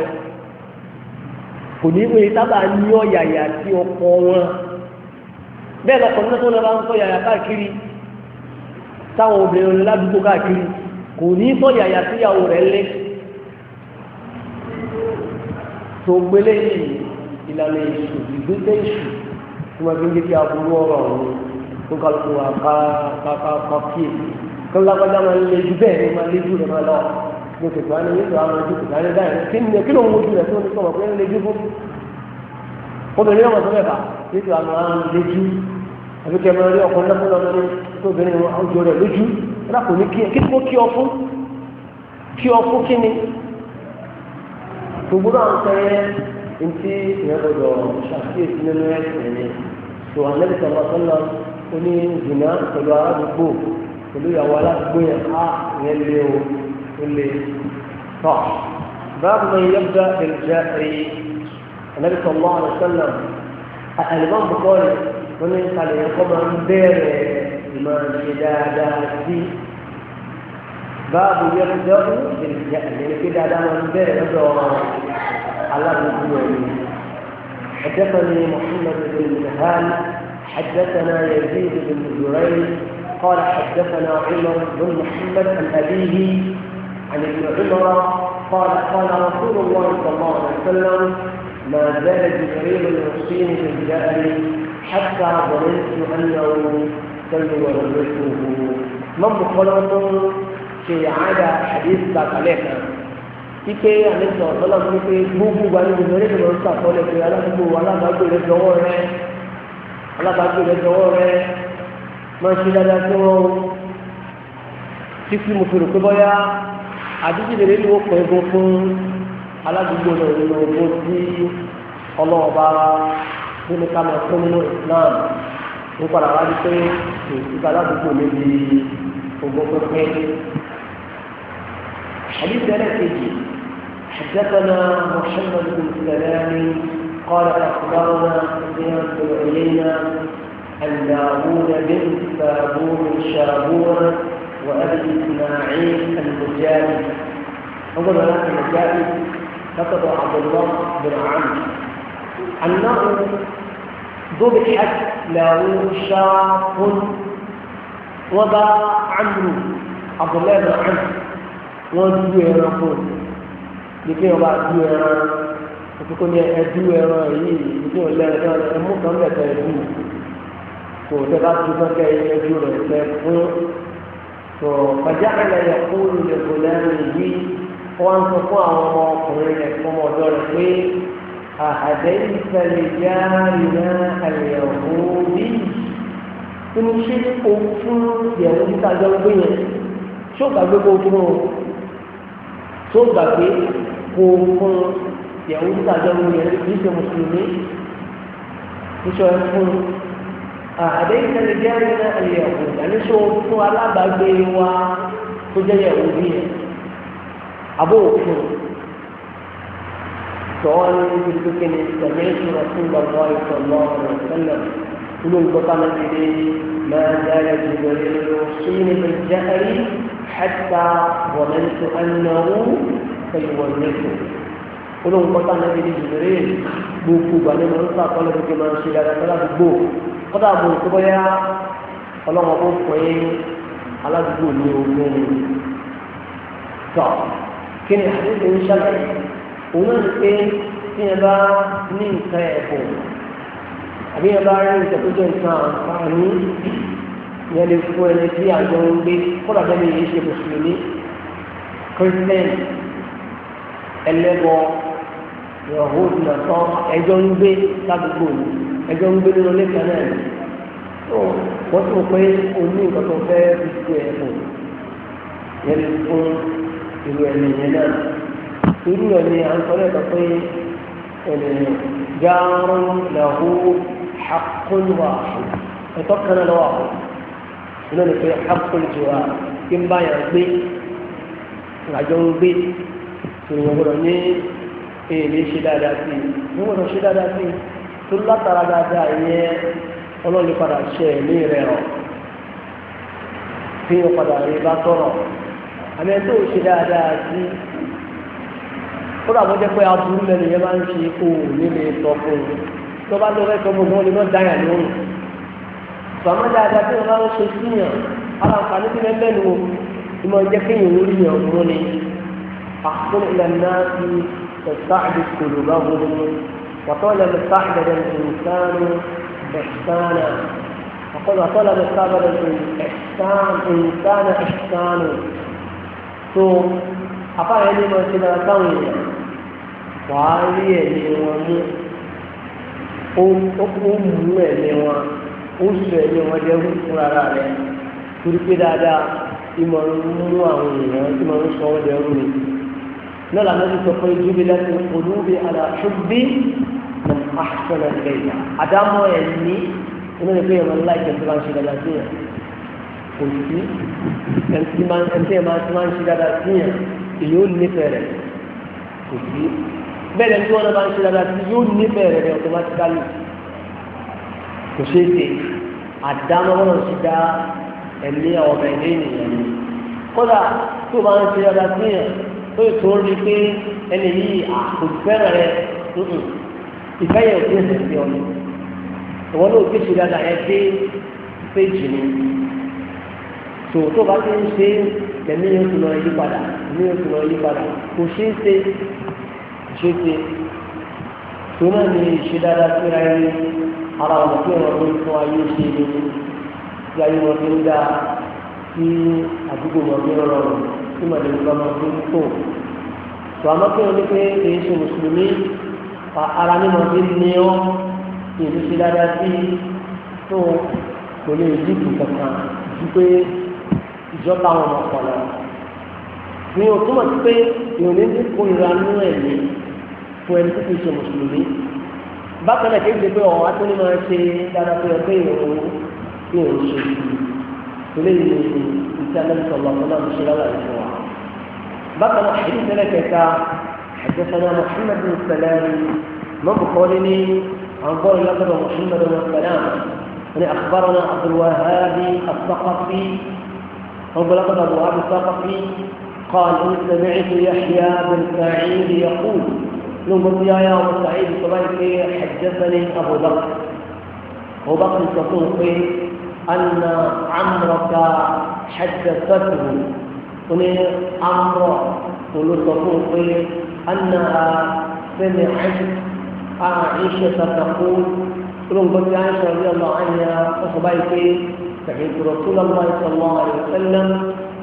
kò ní wọ́n sábà ní ọ̀yàyà tí ọkọ wọn bẹ́ẹ̀ lọ́kọ̀ nígbà tó lọ́ bá ń kọ́ yàyà káàkiri táwọn obìnrin olè ládùúgbò káàkiri kò ní sọ́yà àyà síyàwó rẹ̀ lé tó gbélé yìí ìlànà èṣù ìgbésẹ̀ èṣù tí wọ́n fi ń dékè aburú ọ̀rọ̀ ọ̀hún tó kálukú wa ká ká ká ká kíyè kí lágbájá máa ń lé ju bẹ́ẹ̀ ni máa lé jù rẹ̀ máa lọ mo tètè wá ní yíṣọ àwọn ojú kìtà ní báyìí kí ni kí ló ń wojú rẹ̀ tó ní sọ̀rọ̀ pé ń lé jù fún obìnrin náà mọ̀ tó mẹ́fà àbí kẹ́ ẹ máa rí ọkùnrin lọ́kùnrin lọ́kùnrin tó obìnrin wọn àwùjọ rẹ̀ lójú ẹ̀rọ kò ní kí ẹ kí kó kí ọ fún kí ọ fún kí ni gbogbo náà ń tẹ́yẹ ntí ìyẹn gbọdọ̀ ṣàkíyèsí nínú ẹ̀sìn ni tó àlẹ́ ìsọ̀rọ̀ sọ́nà oní ìdùnnà pẹ̀lú aládùúgbò pẹ̀lú ìyàwó aládùúgbò yẹn á ìyẹn lé o ó lè tọ̀. باب من يبدأ بالجائر النبي صلى الله عليه وسلم الإمام بخاري wọ́n kalẹ̀ kọ́ máa bẹ̀rẹ̀ ìmọ̀ ṣe dáadáa sí báàbò yẹn kó dẹ́kun ìṣẹ̀lẹ̀ pé dáadáa máa ń bẹ̀rẹ̀ lọ́dọ̀ alábòókú ẹni. حدثني محمد بن منهال حدثنا يزيد بن جريج قال حدثنا عمر بن محمد عن أبيه عن ابن عمر قال قال رسول الله صلى الله عليه وسلم ما زال جبريل يوصيني بالجأل حتى ظننت أنه سيورثه من مخلط في عادة حديث ذات عليك ike àlejò ọ̀sọ́lá mi pé gbogbo wa ní gbogbo ẹ̀rẹ́ ìgbìmọ̀ nípa àkọọ́lẹ̀ pé aládùúgbò alábàágbé rẹ̀ dọwọ́ rẹ̀ alábàágbé rẹ̀ dọwọ́ rẹ̀ máa ń ṣe dáadáa fún wọn títí mo fi rò pé bọ́yá àdúgbò rẹ̀ fún aládùúgbò náà nínú ogún tí ọlọ́wọ́ bá nínú ká máa fún nínú Islam ń padà wá wípé kò sí aládùúgbò níbi ogún pínpín. حديث ثلاثة حدثنا محمد بن سلام قال أخبرنا سفيان بن عيينة عن داوود بن صابون شابور وأبي إسماعيل المجاهد أول ولكن المجاهد كتب عبد الله بن عمرو أنه ذبحت له شاة وضع عمرو عبد الله بن عمرو وزير يقول لكي يضع زير وتكون يأدوه يراهيه يقول لا لا لا مو كم لا تأدوه وتغاد جوفك يأدوه فجعل يقول لغلامه wọ́n sọ fún àwọn ọmọ ọkùnrin rẹ̀ fún ọmọ ọ̀dọ́ rẹ̀ pé àhàdẹ́yìn ìfẹ́lẹ̀ já iná àyẹ̀wò bí tí mo ṣe kó fún ìyàwó títà jọ gbé yẹn ṣó gbàgbé kó fún o tó gbàgbé kó fún ìyàwó títà jọ gbé yẹn kì í ṣe mùsùlùmí ìṣọ̀ ẹ̀ fún àhàdẹ́yìn ìfẹ́lẹ̀ já iná àyẹ̀wò ìyàlẹ́ṣọ́ fún alábàágbé wa tó jẹ́ ìyàwó bí yẹn abóòfin sọ́wọ́n ní dúkìá ní sẹ̀mí ìṣúra fún bàbá ìṣọ̀lọ́ ọ̀rọ̀ sẹ́lẹ̀ nínú ìgbọ́ta náà ti dé máa dára jùlọ nínú sínú ìjẹ́rìí hẹ́tà wọ̀mẹ́ntò ẹnáwó ẹ̀yọ̀nẹ́tò olóhùn kọ́tà náà ti di jùlọ gbogbo gbà nínú ọ̀rọ̀ àkọọ́lẹ̀ tó ti máa ń ṣe dáadáa tọ́lá àdúgbò kọ́tà àbò ìkọ́bọ́yá ọlọ́wọ́n kó pẹ́ aládùúgbò ní ogun tọ́ kí ni àdéhùn ń ṣàlàyé òun náà ni pé tí ẹ bá ní nǹkan ẹ̀bùn àbí ẹ bá rí nǹkan tó jẹ́ nǹkan àǹfààní ìyẹn lè fún ẹni tí àjọ ń gbé kódà bẹ́ẹ̀ ni yìí ṣe mùsùlùmí kírísítẹ́nì ẹlẹ́bọ yahoo nàtọ́ ẹjọ́ ń gbé ládùúgbò ẹjọ́ ń gbé nínú lẹ́kàn náà wọ́n tún pé oní nǹkan tó fẹ́ fi ṣe ẹ̀bùn yẹn lè fún irú ẹni yẹn náà irú ẹni à ń sọ lẹ́kọ̀ọ́ pé ẹni jaarun lahu haqqun wahid ẹ̀tọ́ kan náà lọ́wọ́ àwọn iná ni pé haqqul jiwa kí n bá yàn gbé ìrìnàjò ń gbé ìrìnàjò gbọdọ̀ ní èlé ṣe dáadáa sí i ní gbọdọ̀ ṣe dáadáa sí i tó látara dáadáa yẹn ọlọ́ọ̀lẹ́ padà ṣe ẹ̀mí rẹ̀ ọ̀ fi hàn padà rí bá tọ̀rọ̀ àmì ẹ̀ tó o ṣe dáadáa sí ó rà wọ́n jẹ́ pé aburú lẹ́nu yẹn máa ń ṣe kó o nílé sọ fún un tó bá lọ́wọ́ ẹ̀sọ́ gbogbo wọn lè má dáyà lóhùn bàmá dáadáa tí wọ́n bá ń ṣe síyàn ara nǹkanú tí lẹ́lẹ́ nu ìmọ̀ jẹ́ kí èèyàn orí yàn mú ni àkókò ìlànà ti ẹ̀sáàdì kòló bá wọlé wàtọ́ lẹ́nu sáàdì ẹ̀sánú ẹ̀sánà àkọ́lù tó afárá ẹni máa ṣe dára táwọn èèyàn wàá rí ẹ̀mí wọn mú ó mú ẹ̀mí wọn ó sọ ẹ̀mí wọn jẹ́ fún ara rẹ̀ torí pé dáadáa ìmọ̀ràn mú àwọn èèyàn tí wọ́n ń sọ ọ́ dẹrú ni náà lànà ti sọ pé ìdúbí láti olúbi aláṣubí àṣọ nàìjíríà àdámọ́ ẹ̀mí inú ni pé láìpẹ́ tó bá ń ṣe dáadáa sí kò sí ẹnití máa ẹnití ẹ máa ti máa ń ṣe dáadáa sí yẹn yóò nífẹ̀ẹ́ rẹ̀ kò sí bẹ́ẹ̀ lẹ́nu tí wọ́n náà bá ń ṣe dáadáa sí yóò nífẹ̀ẹ́ rẹ̀ rẹ̀ automatically kò ṣeé ṣe àdámọ́ wọn náà dá ẹ̀mí ọ̀bẹ ilé ènìyàn ni kódà tó máa ń ṣe dáadáa sí yẹn tó tó ń rí pé ẹni yìí àkùnfẹ́rẹ̀ rẹ̀ ìfẹ́ yẹn ò tí ọ̀nà ìwọ́n náà ò ṣe dáadáa yẹn tò tó bá ti ń ṣe ẹ̀mí yóò tún lọ yí padà ẹ̀mí yóò tún lọ yí padà kò ṣe é ṣe ṣe ṣe tó náà ní ìṣe dáadáa síra ẹni ara ọ̀nà tí ọ̀rọ̀ lórí fún ayé ṣe ni tí ayé wọn fi ń dá sí àdúgbò wọn fi ń rọrùn tí màdìrí bá wọn fi ń tò tó àmọ́ kí wọ́n ní pé èyí ṣe mùsùlùmí ara ní wọn ní ọ́ ìlú dáadáa sí tó kò lè dìbò kankan ju pé ìjọ táwọn ọmọ ọpọlọ mi ò túmọ̀ sí pé ìrònú ti kó ìrora nínú ẹ̀mí fún ẹni tó fi ṣe mùsùlùmí bákan náà kéde pé ọ̀hún atúní máa ṣe dáadáa tó yẹ pé ìrònú ìrònú ṣe ìrònú ìrònú ìtàlẹ́ sọ̀rọ̀ fún náà ṣe lára ìfọ̀ wa bákan náà ṣe ìtẹ́lẹ̀ kẹta حدثنا محمد بن سلام من بقولني عن قول محمد بن سلام أخبرنا عبد الوهاب الثقفي فانطلقنا أبو عبد الثقفي قال إن سمعت يحيى بن سعيد يقول يوم يا آية يا أبو سعيد سمعت حدثني أبو بكر أبو بكر الصدوقي أن عمرك حدثته ومن عمرو والصدوقي أنها سمعت عائشة تقول لهم يا عائشة رضي الله عنها أخبرتي سمعت رسول الله صلى الله عليه وسلم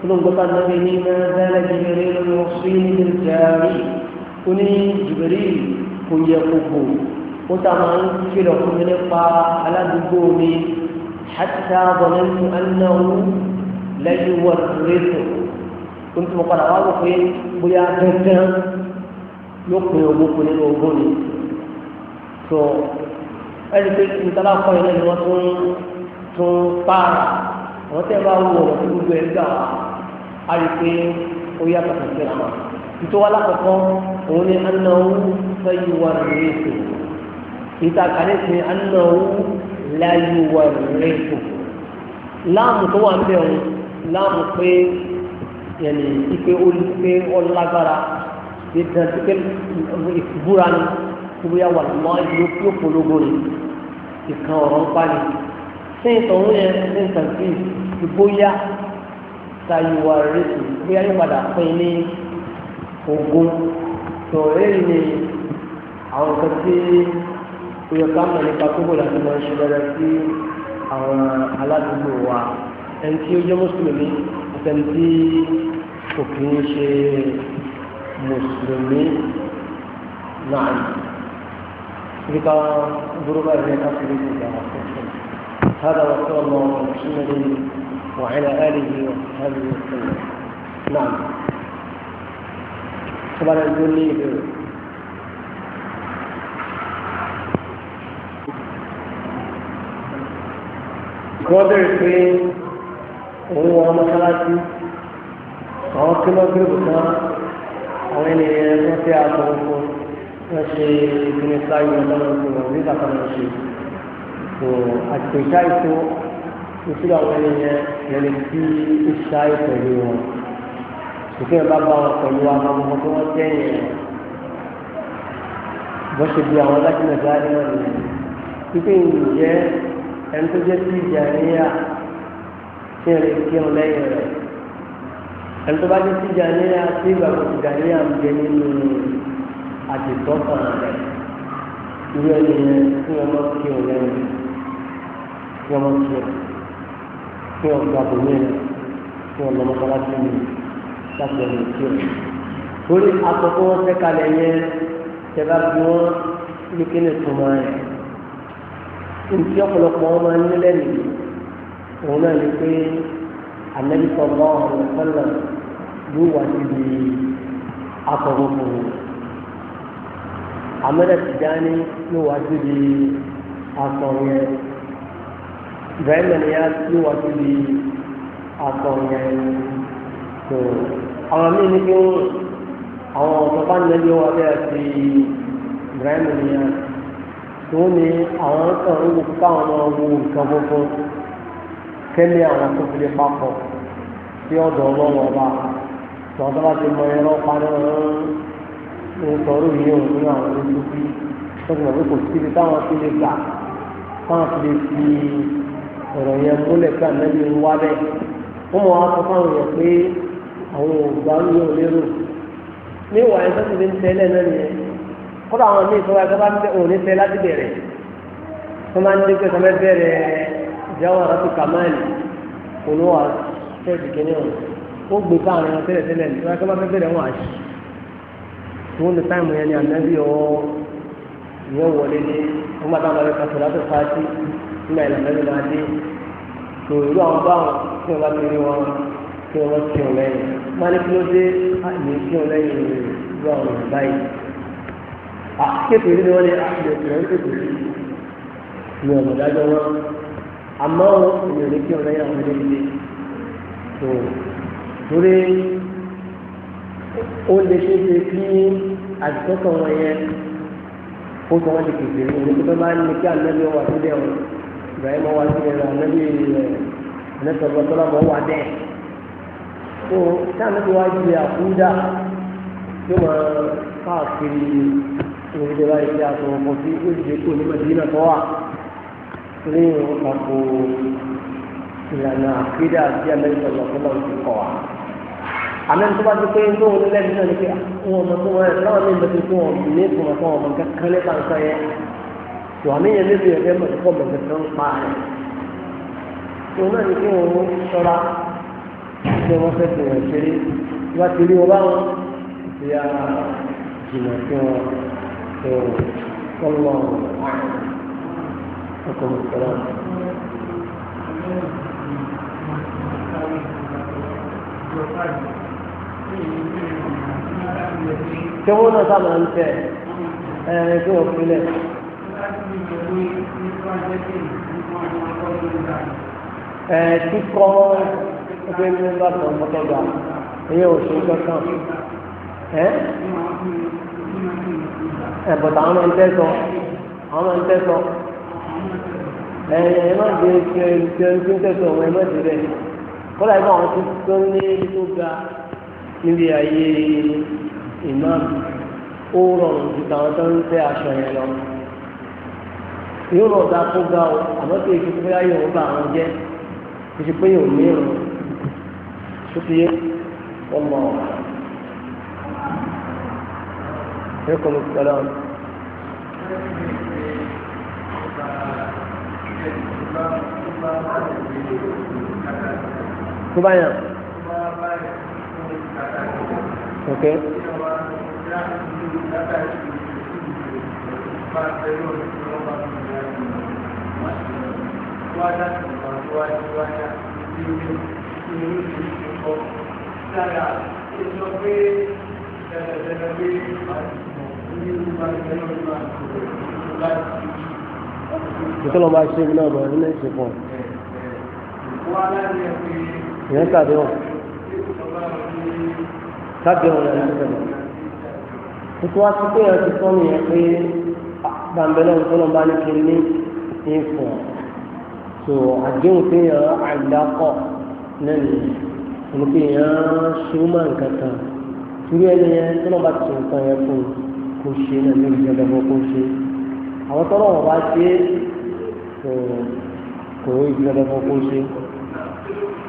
ثم قال النبي ما زال جبريل يوصيني بالجاري كني جبريل كن يقبو وتمان كيلو كن يقبع على دقومي حتى ظننت أنه لا يورثه كنت مقال أعرف بيا تهتم يقبل أبوك للأبوني so أجل كنت لا أقول tún para àwọn tẹ́ bá wọ ọ̀rọ̀ tó gbogbo ẹ̀ gbà wá á rí i pé ó yàtọ̀ kàn sí ọ̀nà ìtò wa lákọ̀ọ́kọ́ òun ni anáwó sẹ́yìn wà lórí ètò ìta kàlẹ́ sí anáwó láyé wà lórí ètò láàmù tó wà ń bẹ̀ wọn láàmù pé yẹnì ipe olùpẹ ọlágbára ìdàn tí pé ìbúra ni tó bóyá wà lọ́wọ́ yóò polówó ni ìkan ọ̀rọ̀ ń pa ni ṣé ìtọ̀hún yẹn ní nǹkan sí ìgbóyà ṣàyẹ̀wò àrètí bóyá yóò padà pín ní ogún tó èyí ni àwọn nǹkan tí ó yẹ ká mọ̀ nípa tó bọ̀ láti máa ń ṣe dáadáa sí àwọn aládùúgbò wa ẹni tí ó jẹ́ mùsùlùmí àtẹni tí kò kí ń ṣe mùsùlùmí náà. Ibi ká burú báyìí ní ìgbà wọn هذا وصلى الله على محمد وعلى آله وصحبه وسلم نعم طبعا يقول لي oh, wọ́n bẹ̀rẹ̀ pé òun wọ mọ́sálásí àwọn kílọ́gírùbù náà àwọn ènìyàn wọ́n fẹ́ àtọ̀ ọkọ̀ wọ́n ṣe ìpínlẹ̀ sáyẹn lọ́wọ́ ìpínlẹ̀ nígbà kan náà ṣe tó àtẹ̀ṣá ètò ìṣúra àwọn ẹni yẹn lẹ́nu tí ó ṣá ìpẹ̀lú wọn òfin ẹ̀ bá bá wọn pẹ̀lú àwọn ọmọ tó wọ́n jẹ́ yẹn bó ṣe bí àwọn láti mẹ̀ta ní wọn ni pípé ìjẹ́ ẹni tó jẹ́ sí ìjà níyà tí ẹ̀ lè kí ọ lẹ́yìn rẹ̀ ẹni tó bá jẹ́ sí ìjà níyà tí ìgbàgbọ́ ìjà níyà ń jẹ nínú àtìtọ́kàn rẹ̀ irú ẹni yẹn tí wọ́n máa kí ọ lẹ́yìn rẹ̀ kí ọmọ tiẹ̀ kí ọgbà bòmí rẹ̀ kí ọmọ mọ́sálásí mi láti ọmọ tiẹ̀. torí akọkọ wọn sẹ́kalẹ̀ yẹn tẹ́lá bí wọ́n ní kí ni tuma rẹ̀. nti ọ̀pọ̀lọpọ̀ wọn máa ń nílẹ̀ nìyí òun náà ni pé Ànábì sallallahu alaihi wasallam yóò wá síbi akọ̀wé fún un. Ahmad Tijani yóò wá síbi akọ̀wé yẹn. Ibrahim Niyas ló wá síbi akọ̀ọ̀yẹ tó àwọn míì ní kí àwọn ọ̀sọ̀bá nílẹ̀ yóò wá bẹ́ẹ̀ sí Ibrahim Niyas tó ní àwọn kan ń wọ́pọ̀ káwọn ọmọ wo nǹkan funfun kẹ́lẹ́ àwọn tó fi lè papọ̀ sí ọ̀dọ̀ ọlọ́run ọba tọ́ tó bá ti mọ ẹ̀rọ parí ń sọ̀rọ̀ yìí òun àwọn olóṣù ọ̀rọ̀ yẹn múlẹ̀ ká nẹ́bí ń wá bẹ́ẹ̀ wọ́n mọ̀ wá sọ fáwọn èèyàn pé àwọn òògbà ń yọ lérò ní ìwà ẹ̀ sọ́sì ní tẹ́lẹ̀ náà nìyẹn kọ́dọ̀ àwọn míì sọ́wọ́ ẹgbẹ́ bá ń tẹ òun ní tẹ láti bẹ̀rẹ̀ tó máa ń dé pé sọmẹ́ bẹ̀rẹ̀ ìjáwọ́ àti kàmáàlì olówó àtẹ́ẹ̀dì kẹ́ni ọ̀hún ó gbé káàrin tẹ́lẹ̀ tẹ́lẹ̀ ní ni ànábì ọ̀ ìyẹn wọlé ní nígbà ìlànà ìlú máa dé tó irú àwọn báwọn tí wọn bá ti rí wọn tí wọn ti hàn lẹ́yìn máa ní kí ló dé àmì tí wọn lẹ́yìn irú àwọn ọ̀rọ̀ báyìí. àkéèké ní wọn ní àti ìrìn òkèèké ní ọmọ dájọ wọn àmọ́ ènìyàn ní kí wọn lẹ́yìn àwọn ilé tó torí ó lè ṣe é ṣe kí àtìkọ́kọ̀ wọn yẹn ó sọ wọn di kìkìrì òun tó bá ní kí àlọ́ lé wà sílẹ̀ wọn ibrahim wa ti yẹn anabi anasọgbọ sọlá mọ wà dẹ so táwọn ẹbí wa yìí àkúdà yóò máa káàkiri ìwé báyìí tí a sọ wọn sí oṣù tó ní madina tó wà ní ọkọ ìlànà àkúdà tí anabi sọlá sọlá ti kọ wa àmì tó bá ti pé ń lóhun lẹ́nu náà ni pé àwọn ọmọ tó wọn ẹ̀ láwọn ní ìbẹ̀tẹ̀ tó wọn ní ìfọ̀mọ̀tò kankan lẹ́ta nǹkan yẹn tó àníyàn níbi ẹ̀fẹ́ mọ̀tòkọ́ mọ̀tòkọ́ ń pa rẹ̀ tó náà ní kí wọ́n sọ́ra tí wọ́n fẹ́ fi hàn ṣeré wá ti rí wọn báwọn ti yá jìnnà sí wọn tó kọ́lọ́ ọkọ̀ mọ̀tòkọ́ tí wọ́n náà sábà ń tẹ̀ ẹ̀ẹ́dẹ́gbẹ́ òfin lẹ̀ ẹ̀ kíkọ́ ẹgbẹ́ ní bá tọ̀ mọ́tọ́gbà ẹ̀yẹ òṣèlú kankan ẹ̀ ẹ̀ bọ̀tà àwọn máa ń tẹ́sọ àwọn máa ń tẹ́sọ ẹ̀ ẹ̀ má gbé ṣe ṣe ń tẹ́sọ ọ̀hún ẹ̀ má ti rẹ̀ kọ́lá ẹgbẹ́ àwọn tó ní tó ga níbi ayé ìmáàmù ó rọrùn ju tàwọn tó ń tẹ́ aṣọ yẹn lọ yóò lọ da kó ga o àmọ́ tó yẹ kó bóyá yóò bá àwọn jẹ́ kó ṣe pé yóò ní ìrùn tó ti yé ọmọ ẹ kọ́ ló ti padà wọn. bá yàn. ok. Thank wáyà ìgbà wáyà wáyà ìlú ìlú ìlú ìkọ́ sára ìjọ pé ẹ̀ẹ́dẹ̀ẹ́dẹ́ pé ní ìgbà ìgbà ìgbà ìgbà ìkọlọ máa ṣe ibi náà bọ̀ nínú ìṣẹ̀fọ̀n ìyẹn sàdéhùn sàdéhùn ẹ̀ ń sẹ̀lẹ̀ tuntun wá sí pé ẹ̀ ti sọ́nù yẹn pé bàbá náà ń tọ́lọ́ bá ní kí ní ìfọ̀n tó àdéhùn pé yàn àìdákọ̀ náà ni mo pé yàn ṣúmọ̀ nǹkan kan torí ẹni yẹn tó náà bá ti sùn nǹkan yẹn fún kó ṣe náà ní ìjọba ẹ̀fọ́ kó ṣe àwọn tọ́lọ̀ wọn bá ṣe kò ní ìjọba ẹ̀fọ́ kó ṣe.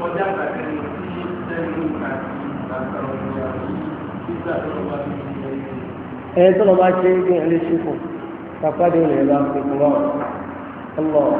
ọjà ni tí sẹ́yìn kà látà ṣe é. gbìyànjú ṣe fún kápá dé ìrìn àbá fi kúrọ̀ ọlọ́ọ̀.